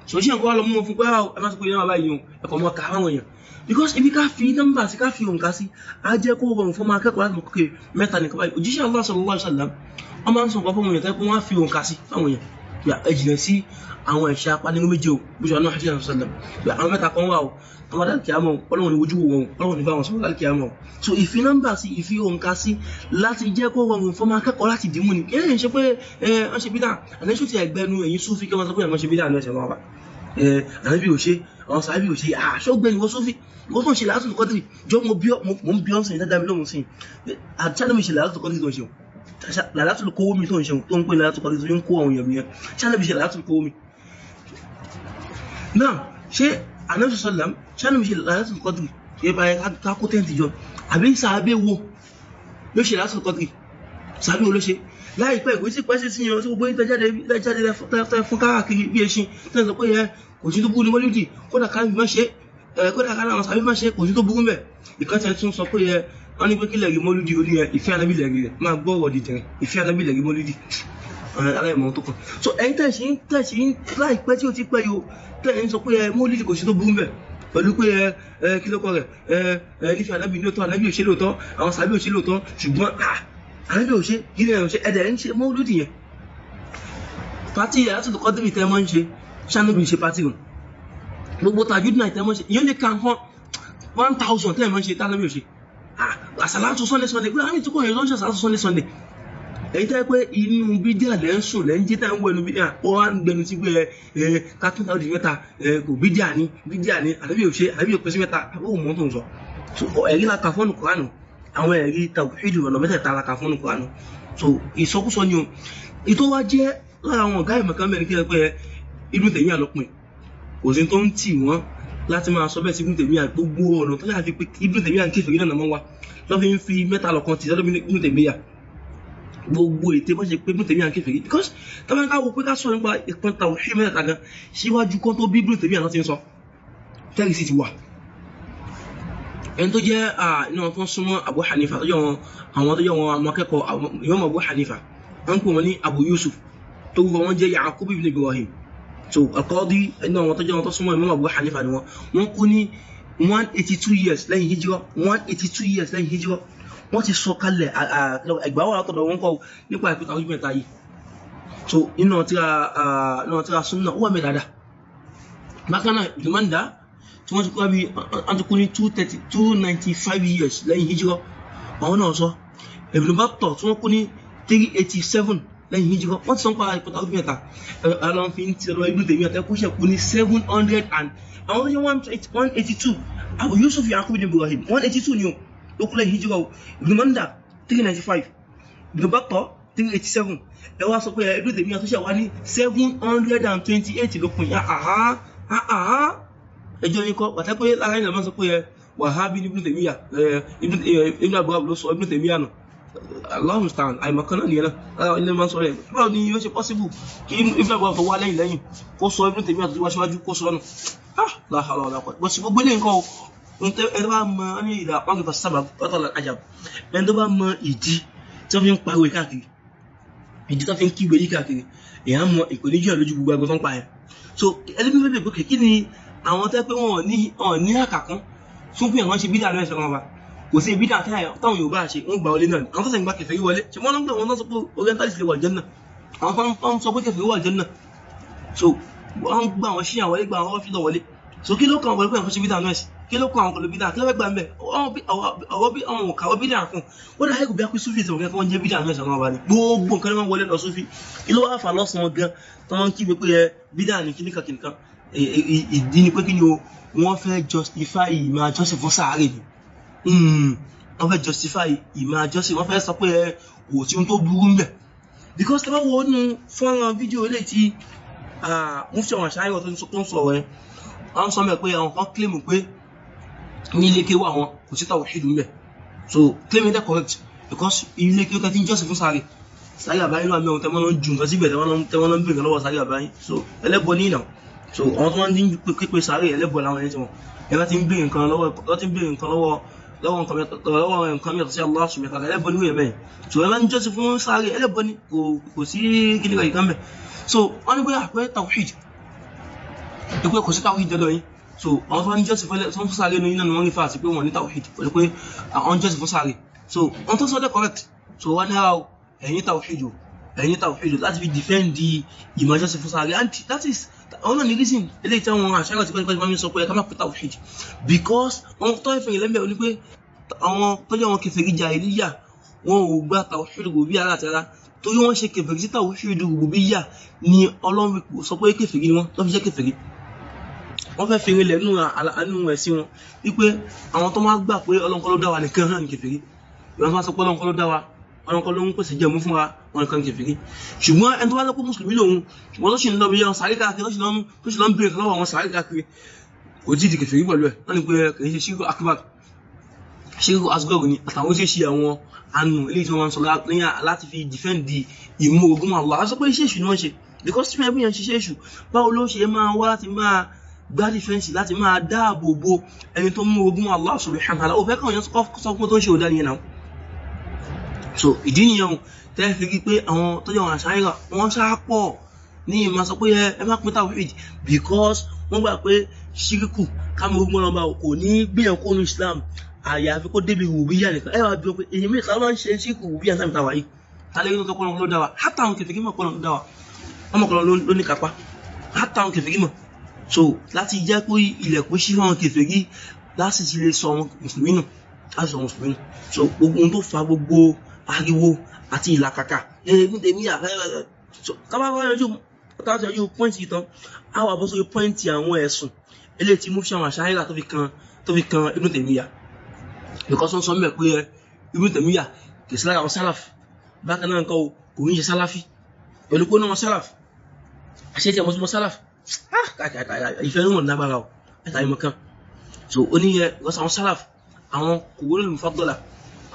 ṣòṣì nǹkan lọ mú wọn fún pé ah, ẹ má sọ pé ìyá báyìí o ẹ̀kọ́ mọ́ ká àwọn èèyàn because ibi ká fi nọ́mbà sí ká fi òǹkà sí á jẹ́ kó rọrùn fún ọmọ akẹ́kọ̀ọ́ láti mọ̀ kékeré mẹ́ta nìkan báyìí òjíṣẹ́ Allah sallallahu alaihi wasallam ọmọ ń sọ nǹkan fún àwọn èèyàn tẹ́ pé wọ́n á fi òǹkà sí fáwọn èèyàn ẹ jìnà sí àwọn ẹ̀ṣẹ̀ apanirun méje o bí sọ náà àdìsàn sọlẹ àwọn mẹ́ta kan wà o àwọn adáàlì kìámọ Ọlọ́run ní ojú wo wọn Ọlọ́run ní bá wọn sọ adáàlì kìámọ so ìfi nọ́mbà sí ìfi òǹkà sí láti jẹ́ kó rọrùn fọmọ akẹ́kọ̀ọ́ láti dìímú ni kéèyàn ṣe pé ẹ ọ ṣe bídà àlẹṣù ti ẹgbẹnu ẹ̀yin sún fi kí wọn sọ pé àwọn ṣe bídà ní ẹsẹ wọn wà ẹ àbí òṣè àwọn sàbí òṣè àṣọgbẹni wọn sún fi wọ́n tún ṣe làásùn kọ́tìrì jọ mo bí ọ́ mo ń bí ọ́ sìn dáadáa mi lóhùn sìn àti sáré mi ṣe làásùn kọ́tìrì tó ń ṣe o làlátù kó omi tó ń ṣe tó ń pè làlátù kọ́dí tó ń kó àwọn èèyàn nìyẹn ṣáàlẹ́bí ṣe làlátù kó omi náà ṣé ànábì sọ́làm ṣáàlẹ́bí ṣe làlátù kọ́dí ṣe bá yẹ ká kó tẹ́ǹtì jọ àbí sàábé wo ló ṣe làlátù kọ́dí sàábé wo ló ṣe láìpẹ́ ìwé sí pẹ́sí sí yan tí gbogbo ìtẹ́ jáde fún káàkiri bí eṣin tí wọ́n sọ pé ẹ kò sí tó burú ní wọ́lídì kódà ká àwọn sàbí má ṣe kò sí tó burú mẹ́ ìkànnì tún sọ pé ẹ wọ́n ní pé kí lẹ́rìí mọ́lúdì ó ní eh, ìfẹ́ anábì lẹ́rìí rẹ̀ máa gbọ́ ọ̀rọ̀ dìtẹ̀ rẹ̀ ìfẹ́ anábì lẹ́rìí mọ́lúdì aláìmọ̀ tó kàn so ẹ̀yin tẹ̀sí ń tẹ̀sí ń láìpẹ́ tí ó ti pẹ́ yìí o tẹ̀yìn sọ pé eh, mọ́lúdì kò sí tó burú bẹ̀ pẹ̀lú pé ẹ eh, kí ló kọ rẹ̀ ẹ ẹ nífẹ̀ẹ́ anábì lóòótọ́ anábì ò ṣe lóòótọ́ àwọn sàbí ò ṣe lóòótọ́ ṣùgbọ́n anábì ah, ò ṣe kí lè ṣe ẹ̀dẹ̀ ń ṣe mọ́lúdì yẹn pati àtúntò kọ́dírì tẹ́ mọ́ ń ṣe ṣánábì ṣe pati rùn gbogbo tajúdínà tẹ́ mọ́ ń ṣe ìyọ́n lè ka nǹkan one thousand tẹ́ mọ́ ń ṣe tánábì ò ṣe Ah, àṣàlátù sunday sunday gbọ́dọ̀ àmì tí kò yẹ lọ́nṣẹ́ àṣàlátù sunday sunday èyí tẹ́ pé inú bídíà lẹ́ ń sùn lẹ́ ń jí tẹ́ ń wọ inú bídíà ó wá ń gbẹnu sí pé ẹ kápẹ́ntà òdì mẹ́ta ẹ kò bídíà ní bídíà ní àbí òṣè àbí òpèsè mẹ́ta àbí òmò tó ń sọ so ẹ̀rí la kà fọ́nù kuranu àwọn ẹ̀rí tàwíìdì ọ̀nà mẹ́tẹ̀ẹ̀ta la kà fọ́nù kuranu so ìsọkúsọ ni o ìtọ́ wa jẹ́ lára àwọn ọ̀gá ìmọ̀kánmẹ́rin kí ẹ pé inú tẹ̀yìn àlọ́pìn kò sí tó ń tì wọ́n láti máa sọ bẹ́ẹ̀ sí Ibn Taymiyyah gbogbo ọ̀nà tó yàrá fi pé Ibn Taymiyyah ń kéfèé náà wá lọ́ fi ń fi mẹ́ta lọ́kàn tì lọ́dọ̀ Ibn Taymiyyah gbogbo ète bó ṣe pé Ibn Taymiyyah ń kéfèé because tọ́ba ká wo pé ká sọ nípa ìpín tàwọn ṣé mẹ́ta gan síwájú kan tó bí Ibn Taymiyyah náà ti ń sọ tẹ́rì sì ti wà ẹni tó jẹ́ iná tó súnmọ́ Abu Hanifa tó jẹ́ àwọn tó jẹ́ àwọn akẹ́kọ̀ọ́ Imam Abu Hanifa wọ́n ń pè wọ́n ní Abu Yusuf tó wọ́n jẹ́ Ya'qub ibn Ibrahim so alkọ́dí iná wọn tó jẹ́ wọn tó súnmọ́ Imam Abu Hanifa ni wọn wọn kú ní 182 years lẹ́yìn hijira 182 years lẹ́yìn hijira wọ́n ti sọ kalẹ̀ ẹgbàá wà látọ̀dọ̀ wọn kọ́ nípa ìpínlẹ̀ àwọn ìgbìmọ̀ yìí so iná tí a súnmọ́ ó wà mí dáadáa bákan náà ìdùmọ̀ǹda tí wọ́n ti kọ́ bí wọ́n ti kú ní 295 years lẹ́yìn hijira àwọn náà sọ Ibn Battah tí wọ́n kú ní 387 lẹ́yìn méjì kan wọ́n ti sọ́n pa ìpọ́tà ọdún mẹ́ta ọlọ́run fi ń ti ọ̀rọ̀ ibùdó tèmi àtẹ́kùn ṣẹ̀kù ní seven hundred and àwọn tó ṣe one eighty two àwọn Yusuf Yakubu ní Ibrahim one eighty two ni o ló kú lẹ́yìn hijira o Lumanda three ninety five Gbẹ̀bàpọ̀ three eighty seven ẹ wá sọ pé ibùdó tèmi àtúnṣe wa ní seven hundred and twenty eight ló kù yẹn àhá àhá ẹjọ́ yín kọ́ wàtẹ́pẹ́ lára ìlànà sọ pé wàhábí ibùdó tèmi yà ibùdó àbúrò ló sọ ibùdó tèmi yà náà Allahu musta'an àìmọ̀kan náà nìyẹn náà ilé máa ń sọ rẹ̀ báwo ni yóò ṣe possible kí ibùdó àgbà fọwọ́ lẹ́yìn lẹ́yìn kó sọ ibùdó tèmi àti wáṣíwájú kó sọ ọ́nà láhàlọ́ ọ̀làkọ̀ bó ṣe gbogbo ilé nǹkan o ẹni bá mọ ní ìdá pàǹkì fà sábà ọ̀tọ̀ àjà ẹni tó bá mọ ìdí tí wọ́n fi ń pariwo káàkiri ìdí tí wọ́n fi ń kígbe káàkiri èèyàn mọ ìpèníjà lójú gbogbo agbọ́n tó ń pa yẹn so ẹni bí wọ́n lè gbókè kí ni àwọn tẹ́ pé wọ́n ní àkàkún fún pé àwọn ṣe bídà lọ́wọ́ ẹ̀sẹ̀ wọn wa kò sí ibi dáa táwọn Yorùbá ṣe ń gba wọlé náà àwọn sọ̀sẹ̀ ń gba kẹfẹ́ yìí wọlé ṣùgbọ́n wọn náà sọ pé orientalist lè wà Aljanna àwọn fáwọn sọ pé kẹfẹ́ wà Aljanna so wọn gba àwọn ṣíyàn wọlé gba àwọn ọfíìsì wọlé so kí ló kàn wọlé pé àwọn ṣe bídà náà sí kí ló kàn àwọn kọlọ bídà kí ló fẹ́ gbà mẹ ọwọ́ bí àwọn òkà ọwọ́ bídà kan ó dà ẹkùn bí akú sufi ìtàn kẹfọn jẹ bídà náà sọgbọn balẹ gbogbo nǹkan máa wọlé lọ sufi kí ló wá fà lọ́sàn gan tó máa ń kí pé bídà ní kíníkan kíníkan ìdí ni pé kí ni o wọ́n fẹ́ justify ìmọ̀ àjọṣe fún sàárè ni Hmm, wọ́n fẹ́ justify ìmọ̀ àjọṣe wọ́n fẹ́ sọ pé ẹ kò sí ohun tó burú ń bẹ̀ because tẹ́lẹ̀ wọ́n nu fọ́nrán fídíò eléyìí tí mufti ọ̀hún àṣàyàn tó ń sọ̀rọ̀ ẹ̀ wọ́n sọ mẹ́ pé àwọn kan claim pé ní ilé-ike wà wọn kò sí tawhid ń bẹ̀ so claim it correct because ilé-ike kan ti ń jọ́sìn fún sáré sáré àbáyé ló àmì ọ̀hún tẹ́wọ́n ló ń ju nǹkan síbẹ̀ tẹ́wọ́n ló ń bèrè lọ́wọ́ sáré àbáyé so ẹlẹ́bọ ní ìnáwó so àwọn tó wọ́n ń pèpè sáré ẹlẹ́bọ làwọn ẹni tí wọ́n ẹ bá ti ń bèrè nǹkan lọ́wọ́ lọ́wọ́ nǹkan mìíràn sí Allah subhanahu wa ta'ala ẹlẹ́bọ níwèé bẹ́ẹ̀ ṣùgbọ́n máa ń jọ́sí fún sáré ẹlẹ́bọ ni kò sí kíni kan ìkan bẹ̀ so wọ́n ní pé àpẹ́ ah, tawhid ìpè kò sí tawhid dọ́dọ̀ yín so àwọn tó ń jọ́sí fún sáré ní iná ni wọ́n rí fàásì pé wọ́n ní tawhid pẹ̀lú pé àwọn jọ́sí fún sáré so wọ́n tó sọ́dọ̀ correct so wọ́n ní ara ah, ẹ̀yìn tawhid ẹ̀yìn tawhid láti fi defend ìmọ̀ jọ́sí fún sáré and that is àwọn náà reason eléyìí táwọn àṣàkà tí pẹ́ẹ́pẹ́ẹ́ máa sọ pé ẹ̀ka máa pẹ́ because wọn tọ́ ìfẹ́ yẹn lẹ́mẹ̀ ọ ní pé àwọn tọ́jú àwọn kèfèrí jàhílíyà wọn ò gba tawhid gbòbí ara àtàrà torí wọ́n ṣe kèfèrí sí tawhid gbòbí yà ni ọlọ́run sọ pé kèfèrí ni wọ́n tó fi jẹ́ kèfèrí wọ́n fẹ́ fi rinlẹ̀ nínú ẹ̀sìn wọn wípé àwọn tó máa gbà pé ọlọ́nkọ́ ló dá àwọn kan ló ń pèsè jẹun fún wa wọn kan kìí fìrí ṣùgbọ́n ẹni tó wá lọ́pọ̀ mùsùlùmí lòun wọn tó ṣì ń lọ bí yan sàárì káàkiri tó ṣì lọ ń bèrè lọ́wọ́ àwọn sàárì káàkiri kò tí ì di kìí fìrí pẹ̀lú ẹ̀ wọ́n ní pé kìí ṣe ṣírò akbar ṣírò asgore ni àtàwọn tí ó ṣe àwọn àánú eléyìí tí wọ́n máa ń sọ lẹ́yìn láti fi dìfẹ́ǹdì ìmú ogun Allah a sọ pé iṣẹ́ èṣù ni wọ́n ṣe because tí wọ́n yàn ṣiṣẹ́ èṣù báwo ló ṣe máa wá ti máa gbá dìfẹ́ǹsì láti máa dáàbò bo ẹni tó mú ogun Allah subhanahu wa ta'ala òfẹ́ káwọn yẹn sọ fún tó ń ṣe òdá nìyẹn náà so ìdí nìyẹn tẹ́ fi rí pé àwọn tọ́jú àwọn àṣàyàn wọ́n sáà pọ̀ ní ìmọ̀ sọ pé ẹ má pín tàwọn fíjì because wọ́n gbà pé ṣíríkù kámi gbogbo ọlọ́mọba kò ní gbìyànjú kó Islam àyàfi kó débi rùbíyà nìkan ẹ wá bí wọn pé èyí mìíràn ló ń ṣe ṣíríkù rùbíyà sáà mìtàwá yìí tálẹ́ yóò tó kọ́ ló dá wa hátà àwọn kẹfìrí mọ̀ kọ́ ló dá wa ló ní kápá hátà àwọn kẹfìrí so láti jẹ́ pé ilẹ̀kùn ṣí àwọn kẹfìrí láti lè sọ àwọn mùsùlùmí nù láti sọ mùsùlùmí nù so gbogbo ohun tó fa gbogbo ariwo àti ìlàkàkà èmi tèmi àfẹ́rẹ́ tábà wá yanjú tábà yanjú pọ́ìntì tán á wà bọ́ sórí pọ́ìntì àwọn ẹ̀sùn eléyìí tí mufti àwọn àṣàyíra tó fi kan tó fi kan Ibn Taymiyyah because wọ́n sọ mẹ́ pé Ibn Taymiyyah kì í sí lára àwọn sálàf bákan náà nǹkan kò ń ṣe sálàfì pẹ̀lú pé ó ní wọn sálàf àṣẹ́jì àwọn ọmọ sálàf ah, ìfẹ́ ní wọn lágbára ọ̀ àtàrí mọ̀kan so ó ní yẹ eh, because àwọn sálàf àwọn kò wọlé lùmí fọ́gbọ́là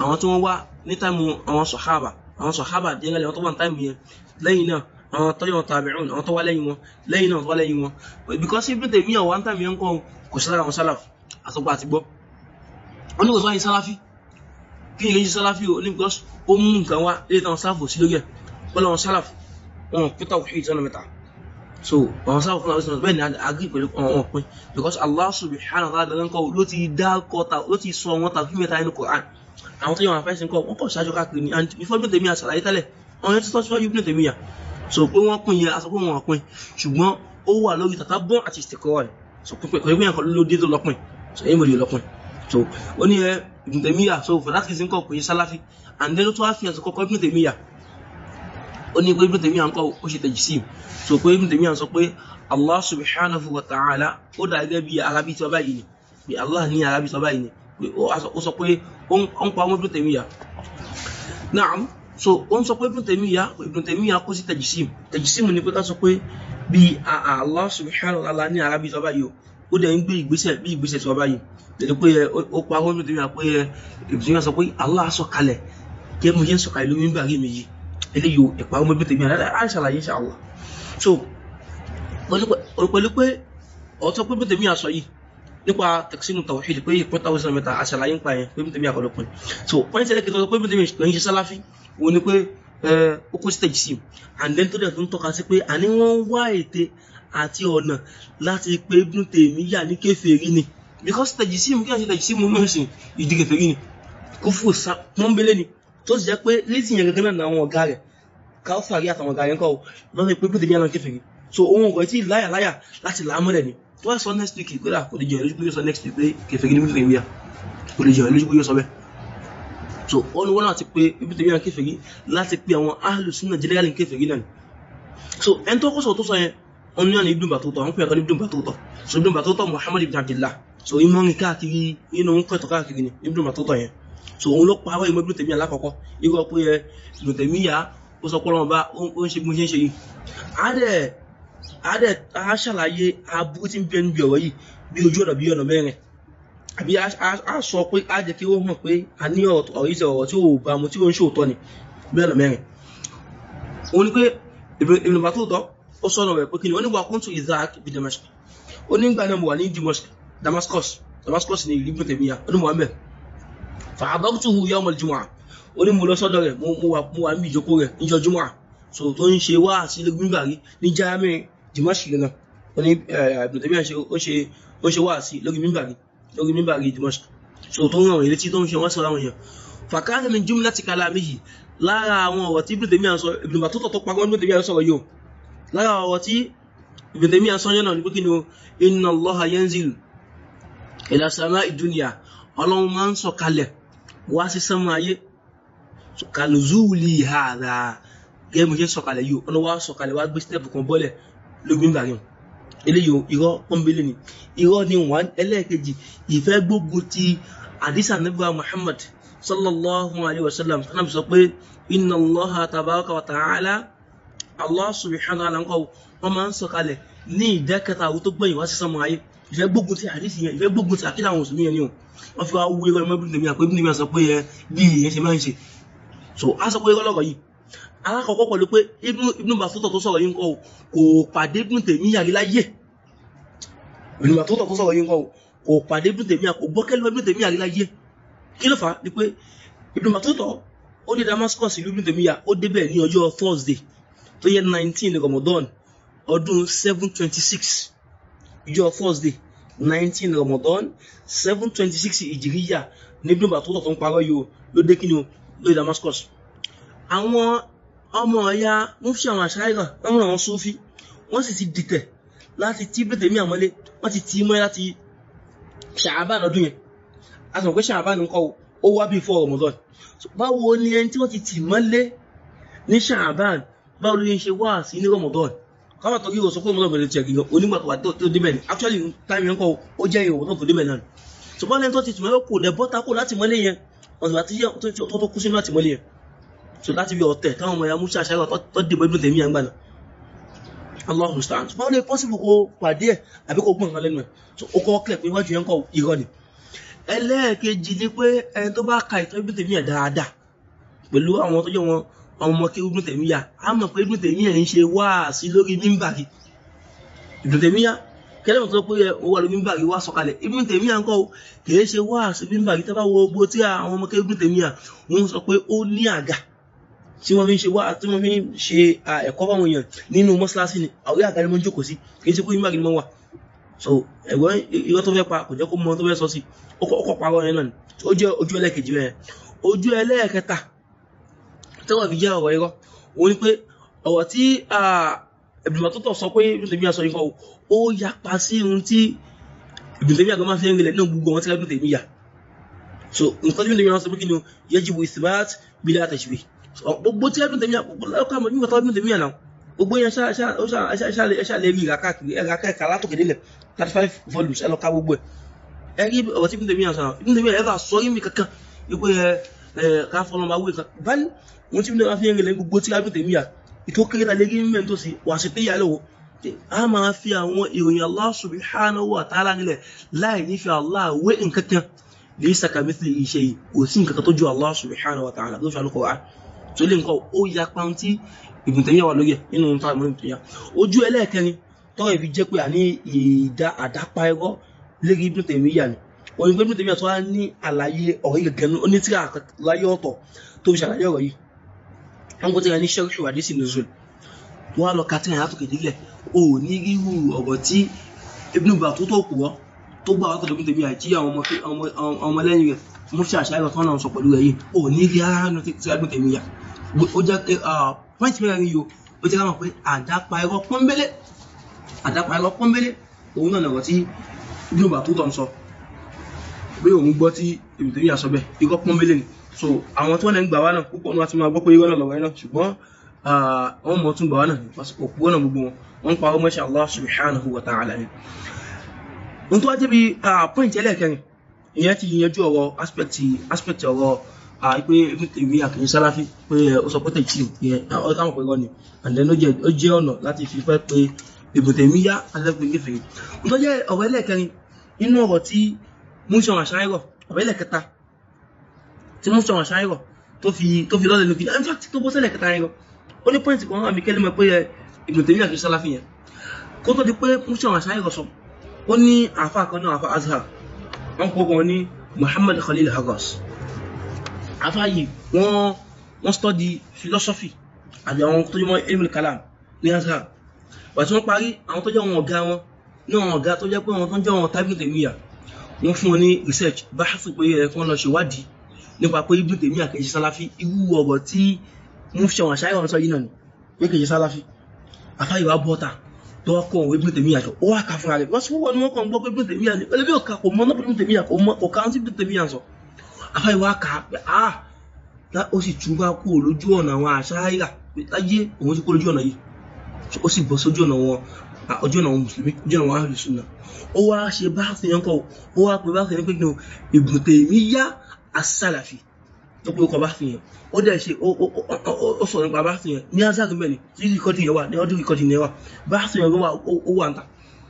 àwọn tí wọ́n wá ní táìmù àwọn sọ̀hábà àwọn sọ̀hábà jẹ́ngàlẹ̀ àwọn tó wà ní táìmù yẹn lẹ́yìn náà àwọn tó yàn tàbíùn àwọn tó wá lẹ́yìn wọn lẹ́yìn náà tó wá lẹ́yìn wọn because Ibn Taymiyyah àwọn táìmù yẹn ń kọ́ kò sí lára àwọn sálàf àtọ́gbà àti gbọ́ wọn ní kò sọ àyè sálàfí kí ni lẹ́yìn sálàfí o ní because ó mú nǹkan wá lẹ́yìn táwọn sálàf ò sí lórí ẹ̀ wọ́n làwọn sálàf wọn ò pété òkú ìtọ́nà mẹ́ta so àwọn sálàf fúnra wọn bẹ́ẹ̀ ni agri pẹ̀lú àwọn òpin because Allah subhanahu wa ta'ala ló ti dá kọta ló ti sọ wọn tàbí mẹ́ta nínú Qur'an àwọn tó yẹ wọn àfẹ́sìn kọ wọn kọ̀ ṣáájú káàkiri ni and before Ibn Taymiyyah ṣàlàyé tẹ́lẹ̀ wọn yẹn ti sọ síwájú Ibn Taymiyyah so pé wọ́n pín yẹ aṣọ pé wọ́n pín ṣùgbọ́n ó wà lórí tàtà bọ́n àti ìsìnkọ́ rẹ̀ so pípẹ́ kọ́ ìpínyà kan ló dé tó lọ́pìn so èyí mo lè lọ́pìn so ó ní ẹ Ibn Taymiyyah so for that reason kọ̀ pé sálàfí and then ó tún wá fi àṣọ kọ́kọ́ Ibn Taymiyyah ó ní pé Ibn Taymiyyah ń kọ́ ó ṣe tẹ̀jì sí i so pé Ibn Taymiyyah sọ pé Allah subhanahu wa ta'ala ó dà gẹ́gẹ́ bí arábí tí wọ́n báyìí ni bí Allah ní arábí tí ó sọ pé ó ń pa ọmọ Ibn Taymiyyah naam so ó ń sọ pé Ibn Taymiyyah Ibn Taymiyyah kó sí tẹ̀jísìm tẹ̀jísìm ni pé ká sọ pé bí Allah subhanahu wa ta'ala ní arábí sọ báyìí ó dẹ̀ ń gbé ìgbésẹ̀ bí ìgbésẹ̀ sọ báyìí tẹ̀lé pé ó pa ọmọ Ibn Taymiyyah pé Ibn Taymiyyah sọ pé Allah sọ kalẹ̀ kí mo yẹn sọ kalẹ̀ lómi bàrí mi yìí eléyìí ìpa ọmọ Ibn Taymiyyah á ṣàlàyé insha Allah so pẹ̀lú pé ọ̀tọ́ pé Ibn Taymiyyah sọ yìí nípa tẹ̀sínú tàwọ̀hìdì pé ìpín táwọn ìsìnà mẹ́ta àṣàlàyé ń pa yẹn pé mítẹ̀mí àkọlọ́pọ̀ ni so pọ́ńtì ẹ̀kẹ́ tó sọ pé mítẹ̀mí kò ń ṣe sálàfí òun ni pé ó kó stage sí and then tó dẹ̀ tó ń tọ́ka sí pé àní wọ́n ń wá ète àti ọ̀nà láti pé Ibn Taymiyyah ní kèfèrí ni because stage sí mu kí wọ́n ṣe stage sí mu mú ìsìn ìdí kèfèrí ni kó fò sa pọ́nbélé ni tó sì jẹ́ pé létí yẹn gẹ́gẹ́ náà àwọn ọ̀gá so òun ọ̀gọ̀ tí láyà láyà láti làámọ́lẹ̀ ni tó sọ next week kódà kò lè jẹ ìlójú yóò sọ next week pé kẹfẹ́ gidi mímú ìwé kò lè jẹ ìlójú yóò sọ bẹ́ẹ̀ so ó ní wọ́n láti pé ibi tèmi à kẹfẹ́ yìí láti pé àwọn ahlu sunna jẹ́lẹ́gàlì kẹfẹ́ yìí náà so ẹni tó kọ́ sọ tó sọ yẹn wọn ní ọ̀nà ibùdó bàtòtò àwọn pẹ̀lú ibùdó bàtòtò so ibùdó bàtòtò Muhammad ibn Abdullah so ìmọ̀ ní káàkiri inú ń kọ́tọ̀ káàkiri ni ibùdó bàtòtò yẹn so òun ló pa àwọn ìmọ̀ ibùdó tèmi alákọ̀ọ́kọ́ ikọ̀ pé ibùdó tèmi yà ó sọ pé ọlọ́mọba ó àádẹ́ a ṣàlàyé aburú tí ń bẹ níbi ọ̀rọ̀ yìí bí ojú ọ̀nà bí ọ̀nà mẹ́rin àbí a sọ pé a jẹ́ kí ó hàn pé a ní ọ̀rọ̀ yìí ọ̀rọ̀ tí ò bá mu tí ó ń ṣòótọ́ ni bí ọ̀nà mẹ́rin òun ni pé ìbìnàmà tó tọ́ ó sọ̀rọ̀ rẹ̀ pé kí ni ó ní wà kún tún Isaac bí Damascus ó ní gbà náà mo wà ní Damascus Damascus ní ìlú Bẹ̀tẹ̀míyà ó ní Muhammed fàbọ́kùtù yawm al-jumu'ah ó ní mo lọ sọ́dọ̀ rẹ̀ mo wà mí ìjókòó rẹ̀ níjọ́ jùmọ̀ so tó ń ṣe wá sí lẹ́gbẹ̀rún ní Dimashi gangan ó ní Ibn Taymiyyah ó ṣe wáàsí lórí mímbàrí lórí mímbàrí Dimashi so tó ń ràn wọ́n létí tó ń ṣe wọ́n sọ̀rọ̀ àwọn èèyàn fàkàtà min jumlati kalamihi lára àwọn ọ̀rọ̀ tí Ibn Taymiyyah sọ Ibn Battuta tó parí Ibn Taymiyyah sọ̀rọ̀ yóò lára ọ̀rọ̀ tí Ibn Taymiyyah sọ yẹn ní pé kí ni inna Allaha yanzilu ila sama'i dunya ọlọ́run máa ń sọ̀kalẹ̀ wá sí sánmà ayé sọ̀kalẹ̀ zúùlì hàrà gẹ́gẹ́ bí mo ṣe sọ̀kalẹ̀ yìí ọlọ́wà sọ̀kalẹ̀ wá gbé stẹ́ẹ̀pù kan bọ́lẹ̀ lógun gbà yàn eléyìí irọ́ pọ́nbélé ni irọ́ ni wọ́n ẹlẹ́ẹ̀kejì ìfẹ́ gbógun ti àdísà nígbà Muhammad sallallahu alayhi wa sallam fúnàbí sọ pé inna Allaha tabaraka wa ta'ala Allah subhanahu wa ta'ala wọ́n máa ń sọ̀kalẹ̀ ní ìdẹ́kẹta àwọn tó gbẹ̀yìn wá sí sọmọ ayé ìfẹ́ gbógun ti àdísì yẹn ìfẹ́ gbógun ti àkídà àwọn òsùnmí yẹn ni wọ́n fi wá wúwo ẹgbẹ́ ọmọ ibùdó mi sọ pé bí ìyẹn ṣe máa ń ṣe so a sọ pé ọlọ́kọ̀ yìí alákọ̀ọ́kọ́ pẹ̀lú pé Ibn Battuta tó sọ̀rọ̀ yìí ń kọ́ kò pàdé Ibn Taymiyyah rí láyé Ibn Battuta tó sọ̀rọ̀ yìí ń kọ́ kò pàdé Ibn Taymiyyah kò gbọ́ kẹ́lú Ibn Taymiyyah rí láyé kí ló fà á ni pé Ibn Battuta ó dé Damascus ìlú Ibn Taymiyyah ó débẹ̀ ní ọjọ́ Thursday tó yẹ 19 Ramadan ọdún 726 ìjọ Thursday 19 Ramadan 726 ìjìríyà ní Ibn Battuta tó ń parọ́ yìí ló dé kí ni ó lórí Damascus àwọn ọmọ ọ̀yà mufti àwọn àṣàyíkà ọmọ àwọn sufi wọ́n sì ti dìtẹ̀ láti tí bẹ́tẹ̀ mí àmọ́lé wọ́n ti tí mọ́ láti ṣàbán ọdún yẹn a sọ pé ṣàbán nǹkan ó wá bí fọ́ Ramadan báwo ni ẹni tí wọ́n ti tì mọ́lé ní ṣàbán báwo ló ṣe wá sí ní Ramadan káwọn tó kí o sọ pé Ramadan bẹ̀rẹ̀ tiẹ̀ gígan onígbà tó wà tó débẹ̀ ni actually táìmì nǹkan ó jẹ́ ìwọ̀n Ramadan tó débẹ̀ náà ṣùgbọ́n lẹ́ni tó ti tì mọ́lé kò dẹ̀ bọ́ta kó láti mọ́lé yẹn ọ̀sùn àti yẹ́ tó so láti bí ọ̀tẹ̀ táwọn ọmọ ya musa ṣáyọ tó dìbò Ibn Taymiyyah àgbà náà Allahu musta'an báwo lè pọ́sìbò kó pàdé ẹ̀ àbí kó gbọ́n lẹ́nu ẹ̀ so ó kọ́ kílẹ̀ pé wájú yẹn ń kọ́ irọ́ ni ẹlẹ́ẹ̀kejì ni pé ẹni tó bá ka ìtọ́ Ibn Taymiyyah dáadáa pẹ̀lú àwọn tó jẹ́ wọn ọmọ kí Ibn Taymiyyah á mọ̀ pé Ibn Taymiyyah ń ṣe wáàsí lórí mímbàrí Ibn Taymiyyah kẹlẹ́wọ̀n tó pé owó àlọ́ mímbàrí wá sọ̀kalẹ̀ Ibn Taymiyyah ń kọ́ kìí ṣe wáàsí mímbàrí tó bá wọ gbogbo tí àwọn ọmọ kí Ibn Taymiyyah wọ́n sọ pé ó ní àga tí wọ́n fi ń ṣe wá tí wọ́n fi ń ṣe ẹ̀kọ́ fáwọn èèyàn nínú mọ́ṣáláṣí ni àwọn ìyá àgbàdo mọ́ jókòó sí kì í ṣe pé ìmọ̀ àgbàdo mọ́ wà so ẹ̀gbọ́n irọ́ tó fẹ́ pa kò jẹ́ kó mọ tó fẹ́ sọ sí ó kọ́ pa ọ̀rọ̀ yẹn náà ni ó jẹ́ ojú ẹlẹ́ẹ̀kejì rẹ̀ ojú ẹlẹ́ẹ̀kẹta tẹ́wọ̀ fi jẹ́ ọ̀rọ̀ irọ́ òun ni pé ọ̀rọ̀ tí ìbìmọ̀ tó sọ pé ìbìmọ̀ tèmi sọ yìí kọ́ ó yapa sí ohun tí ìbìmọ̀ tèmi máa fi ń rinlẹ̀ náà gbogbo àwọn tí tèmi yà so nǹkan tí ìbìmọ̀ tèmi sọ pé kí ni yẹ́jìbù ìsìmáàtì bílá tẹ̀síwì gbogbo tí ẹdùn tèmi lọ́kọ̀ àmọ́ nígbà tó ẹdùn tèmi yàn náà gbogbo yẹn ṣàlẹ̀ rí ìràkàkiri ẹ̀rà kẹ́kà látòkè délẹ̀ thirty five volumes ẹ lọ ka gbogbo ẹ̀ ẹ rí ọ̀rọ̀ tí ẹdùn tèmi yàn sọ̀rọ̀ ẹdùn tèmi yàn ẹ̀rọ àsọyìn mi kankan ìpè ẹ̀ ká fọlọ́ máa wé kan báyìí wọ́n ti fi ń rìn gbogbo tí ẹdùn tèmi yàn ìtò kéré ta lè rí mẹ́rin tó sì wà a máa fi àwọn Allah subhanahu wa ta'ala nílẹ̀ láì ní fi Allah wé nǹkan kan lè sàkàmẹ́sì iṣẹ́ yìí kò sí nǹkan tó ju Allah subhanahu wa ta'ala tó fi alùkọ̀ọ́ tó lè nǹkan ó ya paun tí Ibn Taymiyyah wà lórí ẹ̀ nínú nǹkan ìmọ̀ Ibn Taymiyyah ojú ẹlẹ́ẹ̀kẹrin tọ́rọ̀ ìfi jẹ́ pé àní ìdá àdápa ẹ̀rọ lérí Ibn Taymiyyah ni òun pé Ibn Taymiyyah tó wá ní àlàyé ọ̀rọ̀ yìí gẹ̀ẹ́nu ó ní tíra láyé ọ̀tọ̀ tó fi ṣàlàyé ọ̀rọ̀ yìí wọ́n kó tíra ní sẹ́ríṣù àdísì nùzùl wọ́n á lọ ka tíra látòkè nílẹ̀ ò ní ríru ọ̀rọ̀ tí Ibn Battuta tó ó jẹ́ pọ́ìntì ah, mẹ́rin yìí ó jẹ́ ká mọ̀ pé àdápa irọ́ pọ́nbélé àdápa irọ́ pọ́nbélé òun náà lọ̀rọ̀ tí Ibn Battuta ń sọ pé òun gbọ́ tí Ibn Taymiyyah sọ bẹ́ẹ̀ irọ́ pọ́nbélé ni so àwọn tí wọ́n lè ń gbà wá náà púpọ̀ ní wọ́n ti máa gbọ́ pé irọ́ náà lọ̀rọ̀ yẹn náà ṣùgbọ́n ah, wọ́n mọ̀ tún gbà wá náà òpó náà gbogbo wọn wọ́n pa ọmọ ṣe Allah subhanahu wa ta'ala ni ohun tó wá débi ah, pọ́ìntì ẹlẹ́ẹ̀kẹrin ìyẹn ti yanjú ọ̀rọ̀ aspect ọ̀rọ̀ Ah, pé ìwé àkìrí sáláfí pé eh, ó sọ pé tètè yẹn àwọn káwọn pẹ̀lú ọ̀nì and then ó jẹ́ ọ̀nà láti fi pẹ́ pé ìbùtẹ̀míyá alẹ́gbẹ̀gbẹ̀ fèrè tó jẹ́ ọ̀rọ̀ ẹlẹ́ẹ̀kẹrin nínú ọ̀rọ̀ tí múṣọ̀rọ̀ àṣáyọ̀ ọ̀rọ̀ ẹlẹ́ẹ̀kẹta tí múṣọ̀rọ̀ àṣáyọ̀ tó fi tó fi lọ́lẹ̀ lókè ẹni tó bó sẹ́lẹ̀ kẹta yẹn lọ ó ní pọ́ìntì kan àmì kẹ́lẹ́mọ̀ pé eh, ìbùtẹ̀míyá àkìrí sáláfí yẹn kó tó di pé múṣọ̀rọ̀ àṣáyọ̀ sọ ó ní àfa kan náà àfa azhar wọn kó kan ní Muhammad Khalil Agas afáyì wọ́n wọ́n study philosophy àbí àwọn tó jẹ́ mọ́ ilmul kalam ní azhar bàtí wọ́n parí àwọn tó jẹ́ wọn ọ̀gá wọn ní àwọn ọ̀gá tó jẹ́ pé wọn tó jẹ́ wọn tábìlì tèmíyà wọ́n fún wọn ní research bá sì pé ẹ̀ kí wọ́n lọ ṣèwádìí nípa pé ibùdó tèmíyà kì í ṣe sáláfí irú ọ̀rọ̀ tí mo fi ṣàwọn àṣàyàn sọ yìí náà ni pé kì í ṣe sáláfí afáyì wa bọ́ta tó wá kọ́ ibùdó tèmíyà jọ ó wà ká fúnra rẹ̀ wọ́n sì wọ́n ni wọ́n kàn gbọ́ pé ibùdó tèmíyà ni ẹlẹ́bí ọ̀ka afáyíwá kà á pé ah ó sì tún bá kúrò lójú ọ̀nà àwọn àṣáyà pé láyé òun ti kó lójú ọ̀nà yìí ó sì bọ́ sójú ọ̀nà wọn ojú ọ̀nà àwọn mùsùlùmí ojú ọ̀nà àwọn àlùsùnà ó wá ṣe bá àfihàn kọ ó wá pè bá àfihàn pé kìnnìún Ibn Taymiyyah as-Salafi ó pé ọkọ̀ bá fihàn ó dẹ̀ ṣe ó sọ nípa bá fihàn ní azak mẹ́rin tí rìkọ́dì yẹn wà ní ọdún rìkọ́dì yẹn wà bá fihàn ló wà ó wà ń ta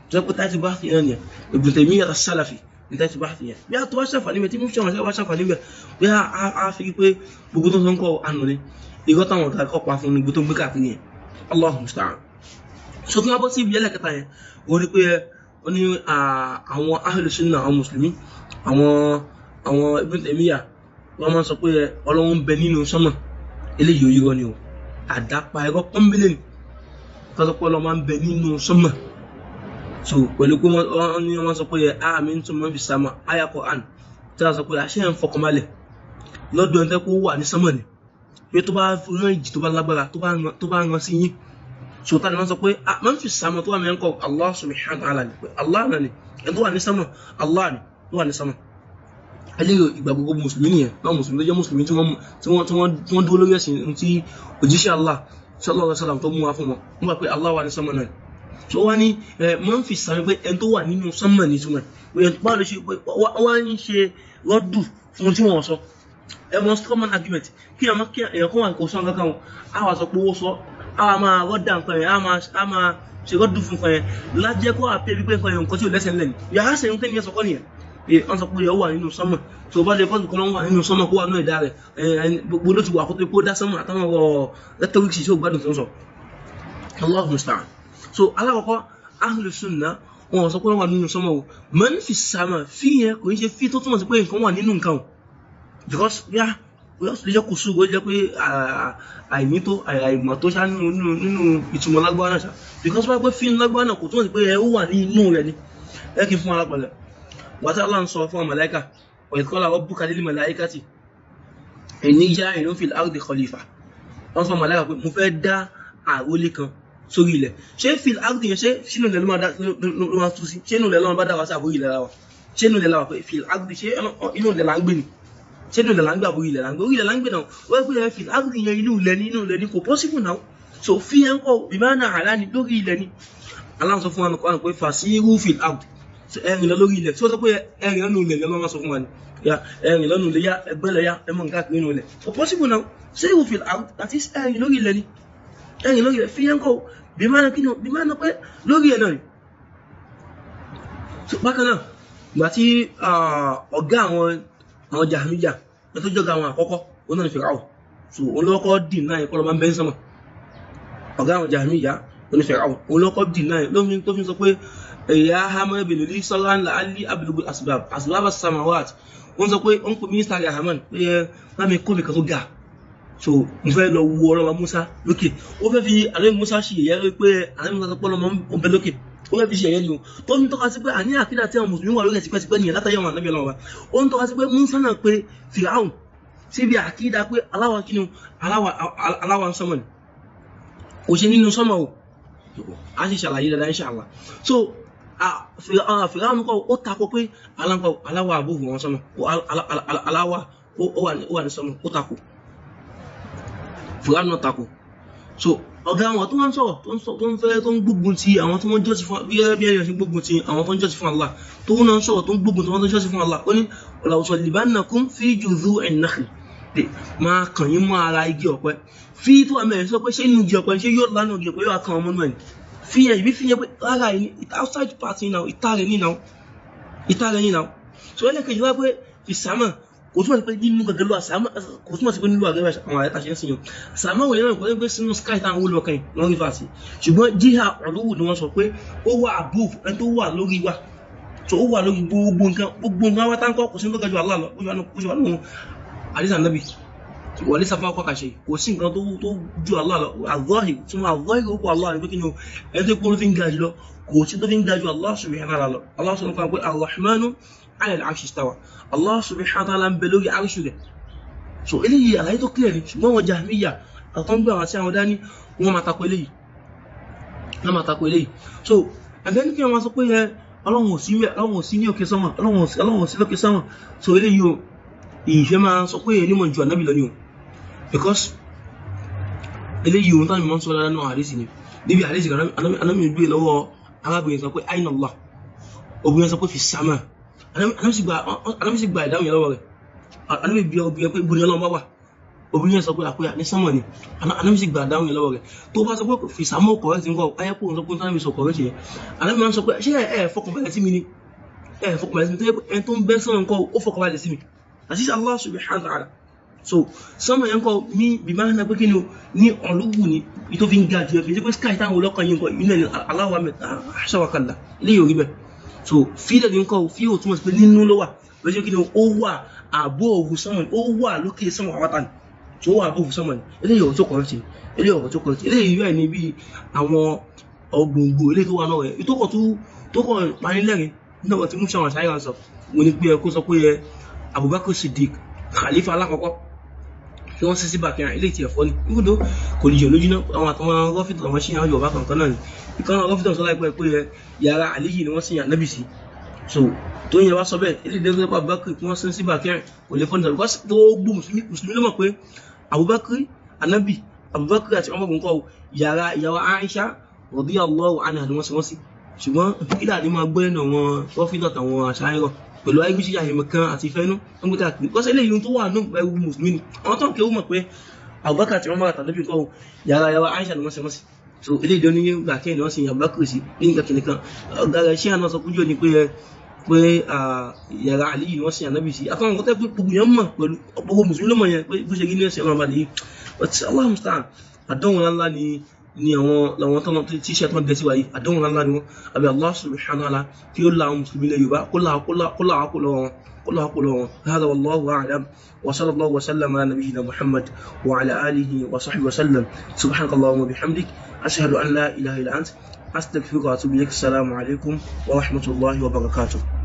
tó yẹ pé táyà ti bá fihàn yẹn Ibn Taymiyyah as-Salafi nítorí ti bá fi yẹn bí a tó wá ṣàǹfààní bẹ tí mo ṣàǹfààní wá ṣàǹfààní bẹ bí a fi ni ìkọ́ táwọn ọ̀tá kọ́ pa fún ni gbogbo tó ń gbé so tí wọ́n bọ́ sí ibi ẹlẹ́kẹta yẹn wọ́n rí pé ó ní àwọn ahlu sunnah àwọn mùsùlùmí àwọn àwọn Ibn Taymiyyah wọ́n máa ń sọ pé Ọlọ́hun ń bẹ nínú sánmà eléyìí òyìnbó ni o àdápa ẹ̀rọ pọ́nbélé ni tọ́tọ́pọ́ Ọlọ́hun máa ń bẹ nínú sánmà so pẹ̀lú pé wọ́n ní wọ́n sọ pé àmì ah, ń tún mọ́ fi sàmà àyà Qur'an tí a sọ pé àṣẹ ń fọkànbalẹ̀ lọ́dọ̀ ẹni tẹ́ kó wà ní sánmọ̀ ni pé tó bá rán ìjì tó bá lágbára tó bá rán sí yín so tá ni wọ́n sọ pé ah, mọ́ fi sàmà tó wà mí ń kọ́ Allah subhanahu wa ta'ala ni pé Allah náà ni ẹni tó wà ní sánmọ̀ Allah ni tó wà ní sánmọ̀ eléyò ìgbà gbogbo mùsùlùmí nìyẹn náà mùsùlùmí tó jẹ́ mùsùlùmí tí wọ́n dúró lórí ẹ̀sìn tí òjíṣẹ́ Allah sallallahu alaihi wasallam tó mú wa fún wọn wọ́n gbà pé Allah wà ní sánmọ̀ náà so wá ní ẹ máa ń fi sàmì pé ẹni tó wà nínú sánmà ní túmọ̀ wọ́n lè ṣe pé wọ́n á ń ṣe rọ́dù fún tí wọ́n sọ ẹ mọ common argument kí ẹ mọ kí èèyàn kó wà kó sọ nǹkan kan á wà sọ pé owó sọ á wà máa rọ́dà nǹkan yẹn á máa ṣe rọ́dù fún nǹkan yẹn lájẹ́ kó àpé wípé nǹkan yẹn nǹkan tí ò lẹ́sẹ̀ ńlẹ̀ ni yàrá sẹ́yìn tẹ́ni yẹn sọ kọ́ nìyẹn wọ́n sọ pé ìyàwó wà nínú sánmà tó bá lè kọ́ nǹkan lọ́wọ́ wà nínú sánmà kó wà náà ìdá rẹ̀ eh, gbogbo ló ti wà kó tó dá sánmà àtàwọn rẹ̀ rẹ́tọ́rìkì tí ó gbádùn tó ń sọ. Allah musta'an so alákọ̀ọ́kọ́ ahlùsùnà wọn ò sọ pé wọ́n wà nínú sọ́mọ́ o man fi sàmà fi yẹn kò ń ṣe fi tó túmọ̀ sí pé nǹkan wà nínú nǹkan o because bí a lè jẹ́ kó ṣùgbọ́n ó jẹ́ pé àìní tó àìmọ̀ tó ṣá nínú ìtumọ̀ lágbára náà ṣá because wọ́n pẹ́ fi lágbára náà kò túmọ̀ sí pé ẹ ó wà ní inú rẹ̀ ni ẹ kì í fún alápẹ̀lẹ̀ wàtí Allah ń sọ fún màláíkà ọ̀yẹ̀kọ́lá wọ́n búkà lílì màláíkà tì ẹ̀ní yá ìrúnfìlà áàdì khalifa wọ́n sọ màláíkà pé mo fẹ́ sórí ilẹ̀ ṣé fil ardi ṣé sínú ilẹ̀ ló máa tú sí ṣé inú ilẹ̀ ló máa bá dá wa sí àbúrò ilẹ̀ la wa ṣé inú ilẹ̀ la wa pé fil ardi ṣé inú ilẹ̀ la ń gbé ni ṣé inú ilẹ̀ la ń gbé àbúrò ilẹ̀ la ń gbé orí ilẹ̀ la náà wọ́n pè é fil ardi yẹn inú ilẹ̀ ni inú ilẹ̀ ni kò possible náà so fi ẹ̀ ń kọ́ bìmánà àlá ni lórí ilẹ̀ ni Allah sọ fún wa nìkan pé fàṣírù fil ardi ẹ̀rìn lọ lórí ilẹ̀ tí wọ́n sọ pé ẹ̀rìn lọ́nu ilẹ̀ lọ́wọ́ máa sọ fún wa ni ẹ̀rìn lọ́nu ilẹ̀ yá ẹgbẹ́ lọ yá ẹmọ nǹkan àpè nínú ilẹ̀ kò possible náà ṣé ìwòfin àti ẹ̀rìn lórí ilẹ̀ ni ẹ̀yìn lórí rẹ̀ fíyẹ́ ń kó bí máa ń kí ni bí máa ń pẹ́ lórí ẹ̀ náà ni. bákan náà ìgbà tí ọ̀gá àwọn jàmíjà tó jọ̀gá àwọn àkọ́kọ́ òun náà ni fìràwọ̀ so òun lọ́kọ́ dì náà yẹn kọ́ ló máa ń bẹ́ sọ́mọ̀ ọ̀gá àwọn jàmíjà òun ni fìràwọ̀ òun lọ́kọ́ dì náà yẹn lómi tó fi sọ pé ẹ̀yà hamẹ́ bẹ̀rẹ̀ lè sọ́lá ńlá alí abdulgul asbab asbab as-samawat wọ́n sọ pé ó ń pè mínísítà rẹ̀ hamẹ́ pé ẹ mi kó mi kan tó ga so mo fẹ́ lọ wo ọlọ́mọ Musa lókè ó fẹ́ fi àlẹ́ Musa ṣe ìyẹ́ rí pé àlẹ́ Musa sọpọ́ lọ́mọ ọbẹ̀ lókè ó fẹ́ fi ṣe ìyẹ́ ni o tó ń tọ́ka sí pé àní àkídà tí àwọn mùsùlùmí wà lókè tipẹ́tipẹ́ nìyẹn látàrí àwọn ànábì ọlọ́wọ́ ó ń tọ́ka sí pé Musa náà pé Firaun síbi àkídà pé aláwa kí ni aláwa ń sọmọ ni kò ṣe nínú sọmọ o a ṣe ṣàlàyé dáadáa insha Allah so Firaun kọ́ ó takọ pé aláwa àbúrò wọn sọmọ aláwa ó wà ní sọmọ ó takọ kùránù náà takò so ọ̀gá àwọn tó wọ́n ń sọ̀rọ̀ tó ń fẹ́ tó ń gbógun ti àwọn tó wọ́n jọ́sí fún bí ẹbí ẹyọ ṣe gbógun ti àwọn tó ń jọ́sí fún Allah tó wọ́n ń sọ̀rọ̀ tó ń gbógun ti àwọn tó ń jọ́sí fún Allah ó ní ọ̀làwùsọ̀ libannakum fi judhu'in nakhl pé máa kàn yín mọ́ ara igi ọ̀pẹ fi tó àmì ẹ̀ sọ pé ṣé inú igi ọ̀pẹ ṣé yóò lánà igi ọ̀pẹ yóò kàn ọmọ náà ni fi yẹn ìbí fi yẹn pé rárá kò túmọ̀ sí pé nínú gẹ́gẹ́ ló àsàmà kò túmọ̀ sí pé nínú àgẹ́gẹ́ àwọn àyàtà ṣe ń sìn yàn àsàmà wòye náà kò tẹ́ pé sínú sky táwọn wò lọ́kàn yìí wọ́n rí fàṣì ṣùgbọ́n jíhà ọ̀lọ́wù ni wọ́n sọ pé ó wà above ẹni tó wà lórí wa tó wà lórí gbogbo nǹkan gbogbo nǹkan wa táǹkọ́ kò sí tó gẹ́jọ́ aláàlọ́ ó ṣe wà lóhun àdísà nàbì wọlé sáfà kọ́ kàṣe kò sí nǹkan tó tó ju aláàlọ́ àzọ́hì tí wọ́n àzọ́hì kò kọ́ aláàlọ́ pé kí ni o ẹni tó kúrò fi ń ga jùlọ kò sí tó fi ń ga ju aláàṣù yẹn rárá lọ aláàṣù nípa pé alrahmanu ala al-arshi istawa Allah subhanahu wa ta'ala ń bẹ lórí arṣu rẹ̀ so eléyìí àlàyé tó clear ni ṣùgbọ́n wọn Jahmiyya àtọ́n gbà wá sí àwọn dání wọn máa tako eléyìí wọn máa tako eléyìí so àbẹ́ni kí wọn sọ pé ẹ eh, ọlọ́run ò sí mẹ́ ọlọ́run ò sí ní òkè sánmà ọlọ́run ò sí lókè sánmà so eléyìí o ìfẹ́ máa sọ pé èyí mọ̀ ju ànábì lọ ni o because eléyìí ohun táwọn ìmọ̀ ń sọ lára náà àdéṣì ni níbi àdéṣì kan ànábì gbé lọ́wọ́ arábìnrin sọ pé àìnà Allah obìnrin sọ pé fi sámà alámi sì gba ìdáhùn yẹn lọ́wọ́ rẹ̀ alámi bí obìnrin pé ibùdó ọlọ́run bá wà obìnrin yẹn sọ pé àpéyà ní sánmọ̀ ni alámi sì gba ìdáhùn yẹn lọ́wọ́ rẹ̀ tó bá sọ pé fìsàmọ́ kọ̀rẹ́ ti ń kọ́ ayé kó ń sọ pé ń sánmi sọ kọ̀rẹ́ ti yẹn alámi máa ń sọ pé ṣé ẹ fọkànbalẹ̀ sí mi ni ẹ fọkànbalẹ̀ sí mi ẹni tó sánmọ̀ Allah subhanahu so sánmọ̀ yẹn kọ́ ní bímá ń pé ni o ní ni ìtòfin ga jù ẹ kì í ṣe pé sky táwọn olókan wa ah, kàlà léyìí orí bẹ́ẹ̀ so fílẹ̀ ní nǹkan fí òtún mọ̀ sí pé nínú ló wà lọ́jọ́ kí ni ó wà àbó òwú sọ́mọ̀nì ó wà lókè sọ́mọ̀ àwátà ni tó wà àbó òwú sọ́mọ̀nì eléyìí ọ̀rọ̀ tó kọ̀rọ̀ sí eléyìí ọ̀rọ̀ tó kọ̀rọ̀ sí eléyìí yóò ní bí àwọn ọgbòǹgbò eléyìí tó wà náà rẹ̀ ìtòkọ̀ tó kọ̀ panilẹ́rìn náà ti mú sọ̀rọ̀ sáyẹ̀nsọ̀ mo ní pé ẹ kó sọ pé ẹ Abubakar Siddiq khalifa alákọ̀ọ́kọ́ kí wọ́n sẹ́sí bàkí ra ilé ìtìyẹ̀fọ́ ni kúrò kò ní yọ lójú náà àwọn àtàwọn rọ́fìtì àwọn ṣìyàn yorùbá kankan náà ni ìkànnà rọ́fìtì sọ láìpẹ́ pé yàrá àlejì ni wọ́n sì yàn nábì sí so tó yẹn wá sọ bẹ́ẹ̀ ilé ìdẹ́gbẹ́ nípa Abubakar kí wọ́n sẹ́sí bàkí ra kò lè fọ́nà tàbí tó gbó mùsùlùmí lọ́mọ̀ pé Abubakar anabi Abubakar àti ọmọ gbọ̀ngàn yàrá ìyàwó Aisha radiyallahu anha ni wọ́n sọ wọ́n sí ṣùgbọ́n kí pẹ̀lú ayégbésí àyèmọ̀kan àti ìfẹ́nú wọ́n gbé káàkiri kọ́sẹ́ ilé ìhun tó wà náà ẹwu mùsùlùmí ni wọ́n tán kí ó mọ̀ pé àbúbákà tí wọ́n máa tàbí nǹkan yàrá yàrá Aisha ni wọ́n ṣe wọ́n sí so ilé ìjọ ní gbà kí ẹ̀nà sí àbúbákà sí ní nǹkan kìnìkan ọ̀gára iṣẹ́ àná sọ kújọ ni pé pé yàrá àlẹ́ yìí wọ́n sin ànábì sí àtàwọn nǹkan tẹ́ pé gbogbo yẹn mọ̀ pẹ̀lú ọ̀pọ̀ mùsùlùmí lọ́mọ yẹn pé bó ṣe rí ní ẹ̀sẹ̀ ọlọ́mọba nìyí but Allah mustaan àdánwò ńlá ni ni àwọn làwọn tọ́nà tí iṣẹ́ tán dẹ́sí wáyé àdéhùn ńlá ni wọ́n àbí Allah subhanahu wa ta'ala kí ó la àwọn mùsùlùmí ilẹ̀ yorùbá kó la àkó lọ́wọ́ wọn kó la àkó lọ́wọ́ wọn hada wallahu a'lam wa sallallahu wa sallam ala nabiyyina muhammad wa ala alihi wa sahbihi wa sallam subhanakallahumma wa bihamdik ashhadu an la ilaha illa ant astaghfiruka wa atubu ilaik assalamu alaikum wa rahmatullahi wa barakatuh